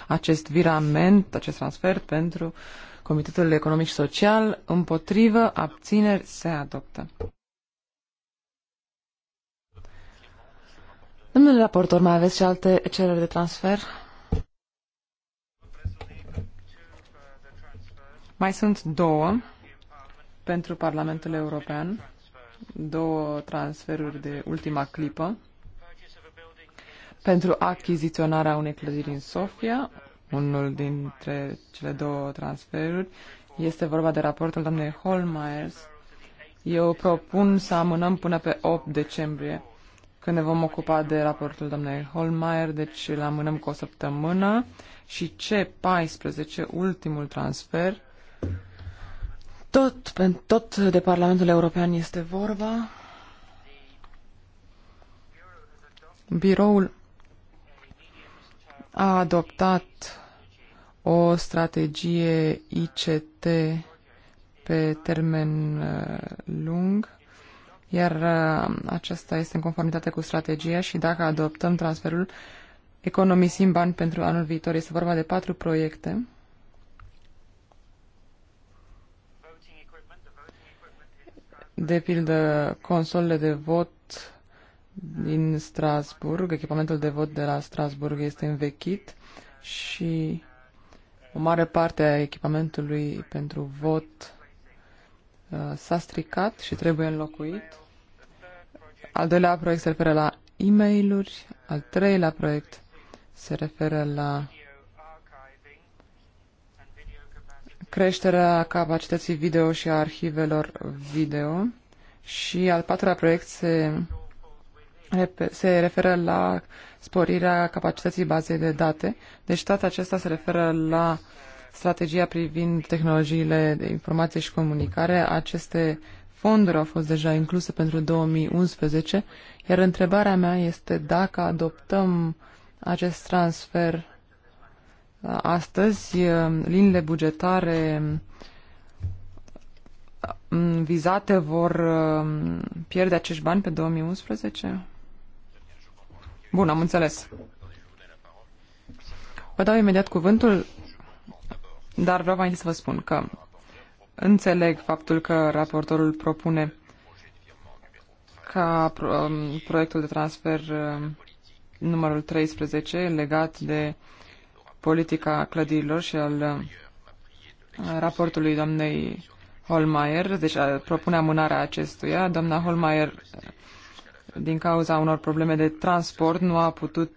acest virament, acest transfer pentru Comitetul Economic și Social. Împotrivă, abțineri, se adoptă. Domnule raportor, mai aveți și alte cereri de transfer? Mai sunt două pentru Parlamentul European, două transferuri de ultima clipă pentru achiziționarea unei clădiri în Sofia. Unul dintre cele două transferuri este vorba de raportul doamnei Holmeyers. Eu propun să amânăm până pe 8 decembrie, când ne vom ocupa de raportul doamnei Holmeyer, deci îl amânăm cu o săptămână. Și C14, ultimul transfer, tot, tot de Parlamentul European este vorba. Biroul a adoptat o strategie ICT pe termen uh, lung, iar uh, aceasta este în conformitate cu strategia și dacă adoptăm transferul, economisim bani pentru anul viitor. Este vorba de patru proiecte de pildă consolele de vot din Strasburg, echipamentul de vot de la Strasburg este învechit și o mare parte a echipamentului pentru vot uh, s-a stricat și trebuie înlocuit. Al doilea proiect se referă la e-mail-uri, al treilea proiect se referă la creșterea capacității video și a arhivelor video. Și al patrulea proiect se, se referă la sporirea capacității bazei de date. Deci toate acestea se referă la strategia privind tehnologiile de informație și comunicare. Aceste fonduri au fost deja incluse pentru 2011, iar întrebarea mea este dacă adoptăm acest transfer Astăzi, uh, liniile bugetare uh, vizate vor uh, pierde acești bani pe 2011? Bun, am înțeles. Vă dau imediat cuvântul, dar vreau mai să vă spun că înțeleg faptul că raportorul propune ca um, proiectul de transfer numărul 13 legat de uh, politica clădirilor și al uh, raportului doamnei Holmeier, deci uh, propune amânarea acestuia. Doamna Holmeier, uh, din cauza unor probleme de transport, nu a putut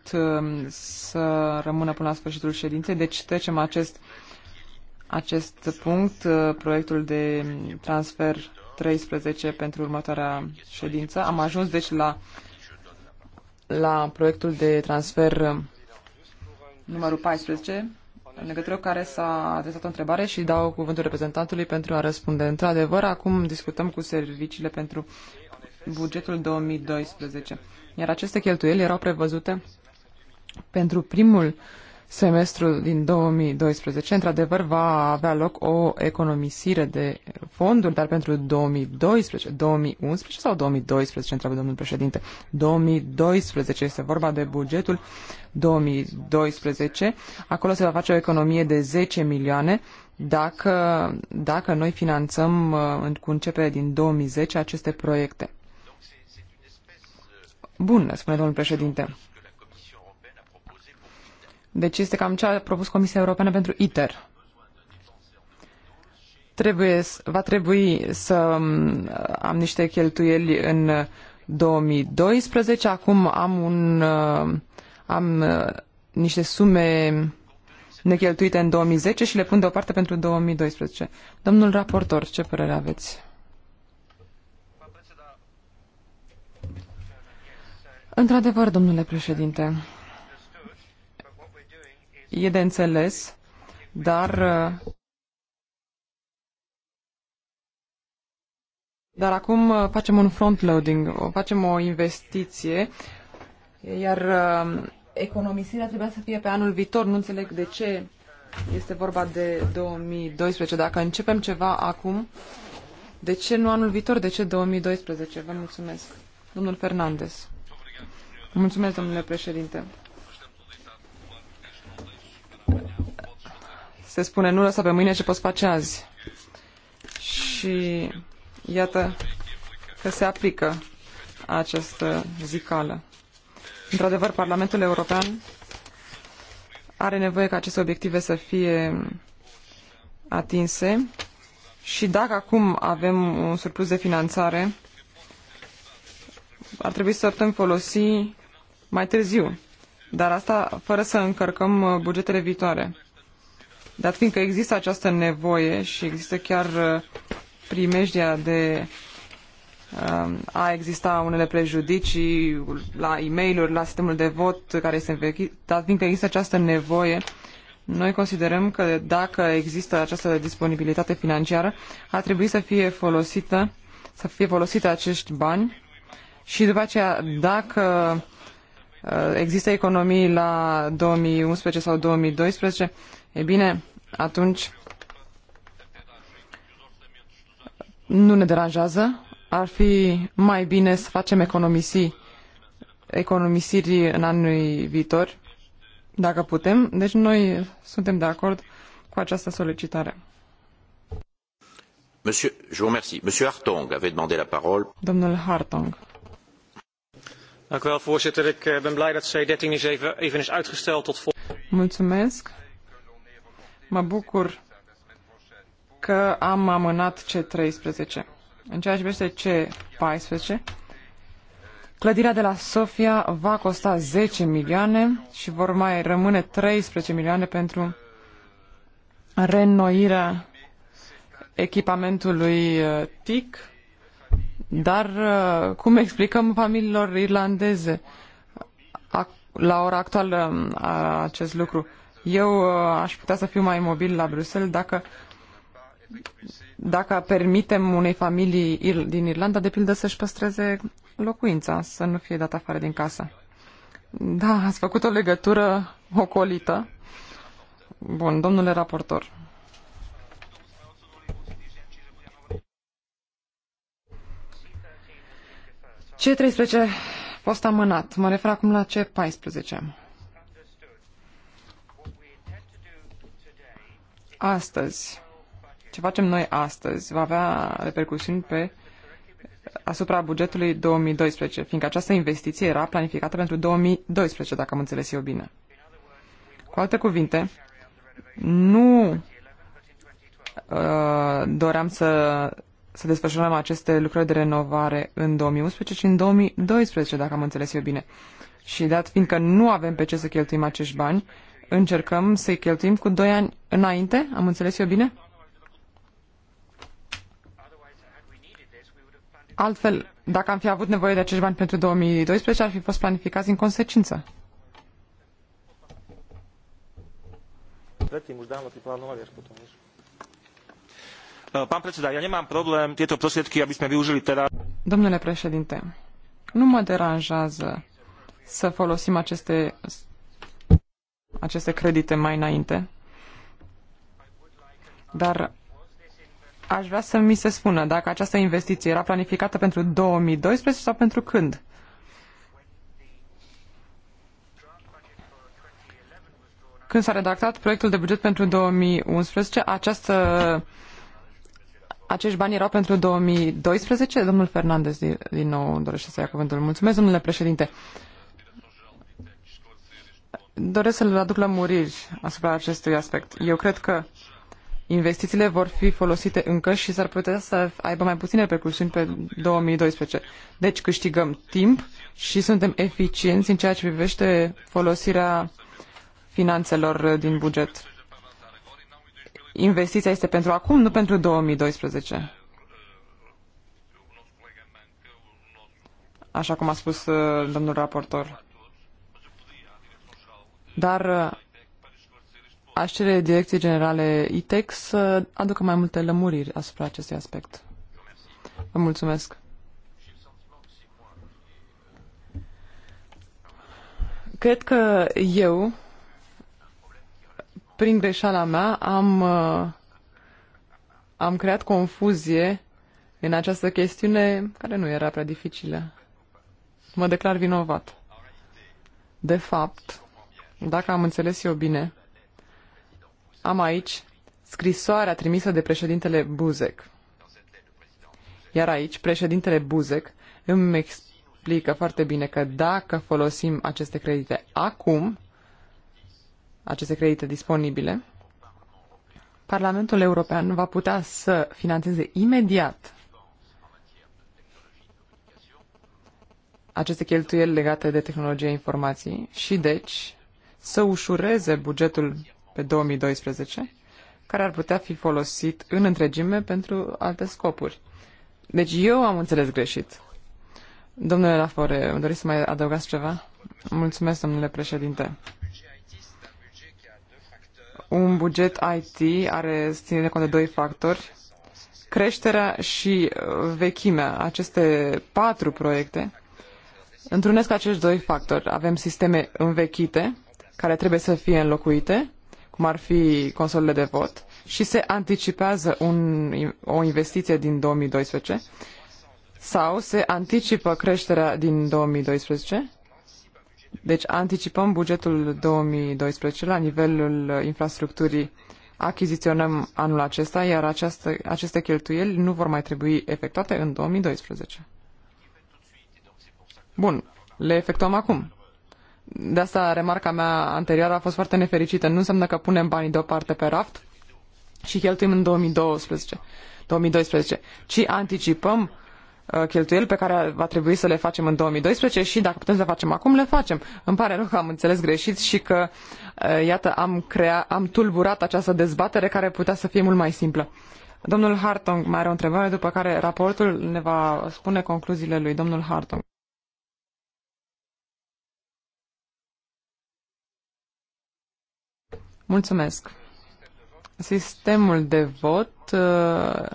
să rămână până la sfârșitul ședinței, deci trecem acest, acest punct, proiectul de transfer 13 pentru următoarea ședință. Am ajuns deci la, la proiectul de transfer numărul 14, în legătură cu care s-a adresat o întrebare și dau cuvântul reprezentantului pentru a răspunde. Într-adevăr, acum discutăm cu serviciile pentru bugetul 2012, iar aceste cheltuieli erau prevăzute pentru primul semestru din 2012. Într-adevăr, va avea loc o economisire de fonduri, dar pentru 2012, 2011 sau 2012, întreabă domnul președinte. 2012 este vorba de bugetul 2012. Acolo se va face o economie de 10 milioane dacă, dacă noi finanțăm uh, cu începere din 2010 aceste proiecte. Bun, spune domnul președinte. Deci este cam ce a propus Comisia Europeană pentru ITER. Trebuie, va trebui să am niște cheltuieli în 2012. Acum am, un, uh, am uh, niște sume necheltuite în 2010 și le pun deoparte pentru 2012. Domnul raportor, ce părere aveți? Într-adevăr, domnule președinte, e de înțeles, dar uh, Dar acum uh, facem un front-loading, facem o investiție, iar uh, economisirea trebuia să fie pe anul viitor. Nu înțeleg de ce este vorba de 2012. Dacă începem ceva acum, de ce nu anul viitor? De ce 2012? Vă mulțumesc. Domnul Fernandez. Mulțumesc, domnule președinte. se spune nu lăsa pe mâine ce poți face azi. Și iată că se aplică această zicală. Într-adevăr, Parlamentul European are nevoie ca aceste obiective să fie atinse și dacă acum avem un surplus de finanțare, ar trebui să putem folosi mai târziu, dar asta fără să încărcăm bugetele viitoare. Dat fiindcă există această nevoie și există chiar uh, primejdia de um, a exista unele prejudicii la e mail la sistemul de vot care este învechit, dar fiindcă există această nevoie, noi considerăm că dacă există această disponibilitate financiară, ar trebui să fie folosită să fie folosite acești bani și după aceea dacă uh, există economii la 2011 sau 2012, E bine, atunci nu ne deranjează. Ar fi mai bine să facem economisii, economisiri în anul viitor, dacă putem. Deci noi suntem de acord cu această solicitare. Monsieur, je vous remercie. Monsieur Hartong avait demandé la parole. Domnul Hartong. Dank u wel, voorzitter. Ik eh, ben blij dat C13 is even, even is uitgesteld tot volgende. Mulțumesc. Mă bucur că am amânat C13. În ceea ce privește C14, clădirea de la Sofia va costa 10 milioane și vor mai rămâne 13 milioane pentru reînnoirea echipamentului uh, TIC, dar uh, cum explicăm familiilor irlandeze la ora actuală um, acest lucru? Eu uh, aș putea să fiu mai mobil la Bruxelles dacă, dacă permitem unei familii din Irlanda, de pildă, să-și păstreze locuința, să nu fie dat afară din casă. Da, ați făcut o legătură ocolită. Bun, domnule raportor. C13 fost amânat. Mă refer acum la C14. astăzi, ce facem noi astăzi, va avea repercusiuni pe asupra bugetului 2012, fiindcă această investiție era planificată pentru 2012, dacă am înțeles eu bine. Cu alte cuvinte, nu uh, doream să, să desfășurăm aceste lucrări de renovare în 2011, ci în 2012, dacă am înțeles eu bine. Și dat fiindcă nu avem pe ce să cheltuim acești bani, încercăm să-i cheltuim cu doi ani înainte? Am înțeles eu bine? Altfel, dacă am fi avut nevoie de acești bani pentru 2012, ar fi fost planificați în consecință. Eh, pán predseda, ja nemám problém tieto prostriedky, aby sme využili teraz. Domnule președinte, nu mă deranjează să folosim aceste aceste credite mai înainte. Dar aș vrea să mi se spună dacă această investiție era planificată pentru 2012 sau pentru când. Când s-a redactat proiectul de buget pentru 2011, această, acești bani erau pentru 2012? Domnul Fernandez din, din nou dorește să ia cuvântul. Mulțumesc, domnule președinte. Uh, Doresc să-l aduc la muriri asupra acestui aspect. Eu cred că investițiile vor fi folosite încă și s-ar putea să aibă mai puține repercusiuni pe 2012. Deci câștigăm timp și suntem eficienți în ceea ce privește folosirea finanțelor din buget. Investiția este pentru acum, nu pentru 2012. Așa cum a spus uh, domnul raportor. Dar uh, aș cere direcției generale ITEX să aducă mai multe lămuriri asupra acestui aspect. Vă mulțumesc. Cred că eu, prin greșeala mea, am, uh, am creat confuzie în această chestiune care nu era prea dificilă. Mă declar vinovat. De fapt, dacă am înțeles eu bine, am aici scrisoarea trimisă de președintele Buzek. Iar aici, președintele Buzek îmi explică foarte bine că dacă folosim aceste credite acum, aceste credite disponibile, Parlamentul European va putea să financeze imediat aceste cheltuieli legate de tehnologia informației și deci să ușureze bugetul pe 2012, care ar putea fi folosit în întregime pentru alte scopuri. Deci eu am înțeles greșit. Domnule Lafore, îmi doriți să mai adăugați ceva? Mulțumesc, domnule președinte. Un buget IT are ține cont de doi factori, creșterea și uh, vechimea. Aceste patru proiecte întrunesc acești doi factori. Avem sisteme învechite, care trebuie să fie înlocuite, cum ar fi consolele de vot, și se anticipează un, o investiție din 2012 sau se anticipă creșterea din 2012 deci anticipăm bugetul 2012 la nivelul infrastructurii, achiziționăm anul acesta, iar această, aceste cheltuieli nu vor mai trebui efectuate în 2012. Bun, le efectuăm acum de asta remarca mea anterioară a fost foarte nefericită. Nu înseamnă că punem banii deoparte pe raft și cheltuim în 2012, 2012 ci anticipăm uh, cheltuieli pe care va trebui să le facem în 2012 și dacă putem să le facem acum, le facem. Îmi pare rău că am înțeles greșit și că, uh, iată, am, crea, am tulburat această dezbatere care putea să fie mult mai simplă. Domnul Hartong mai are o întrebare, după care raportul ne va spune concluziile lui. Domnul Hartong. Mulțumesc. Sistemul de vot uh,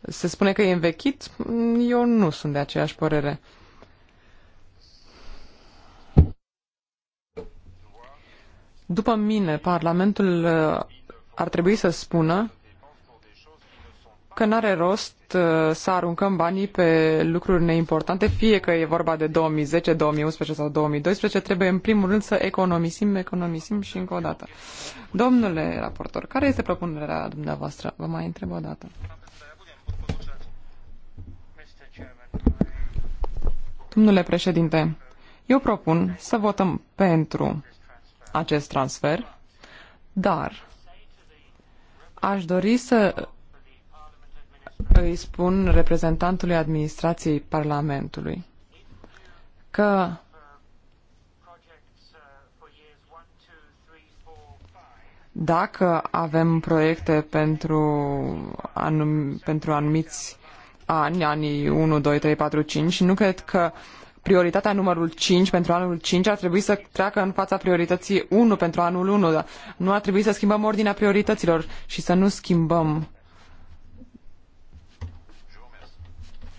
se spune că e învechit. Eu nu sunt de aceeași părere. După mine, Parlamentul uh, ar trebui să spună că n-are rost uh, să aruncăm banii pe lucruri neimportante, fie că e vorba de 2010, 2011 sau 2012, trebuie în primul rând să economisim, economisim și încă o dată. Domnule raportor, care este propunerea dumneavoastră? Vă mai întreb o dată. Domnule președinte, eu propun să votăm pentru acest transfer, dar aș dori să îi spun reprezentantului administrației Parlamentului că dacă avem proiecte pentru, anum, pentru anumiți ani, anii 1, 2, 3, 4, 5, și nu cred că prioritatea numărul 5 pentru anul 5 ar trebui să treacă în fața priorității 1 pentru anul 1. Dar nu ar trebui să schimbăm ordinea priorităților și să nu schimbăm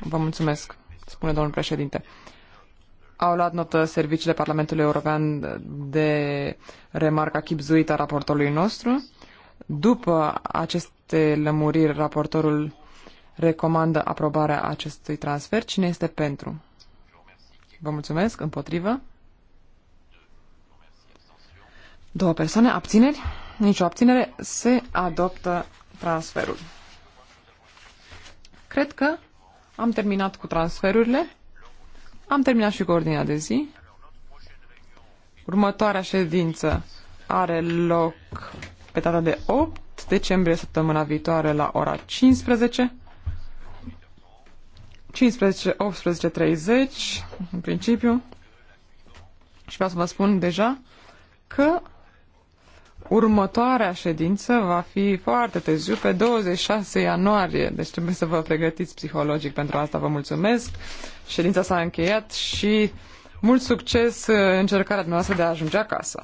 Vă mulțumesc, spune domnul președinte. Au luat notă serviciile Parlamentului European de remarca chipzuită a raportorului nostru. După aceste lămuriri, raportorul recomandă aprobarea acestui transfer. Cine este pentru? Vă mulțumesc. Împotrivă? Două persoane. Abțineri? Nicio abținere. Se adoptă transferul. Cred că am terminat cu transferurile. Am terminat și cu ordinea de zi. Următoarea ședință are loc pe data de 8 decembrie săptămâna viitoare la ora 15. 15, 30, în principiu. Și vreau să vă spun deja că următoarea ședință va fi foarte târziu, pe 26 ianuarie. Deci trebuie să vă pregătiți psihologic pentru asta. Vă mulțumesc. Ședința s-a încheiat și mult succes în încercarea noastră de a ajunge acasă.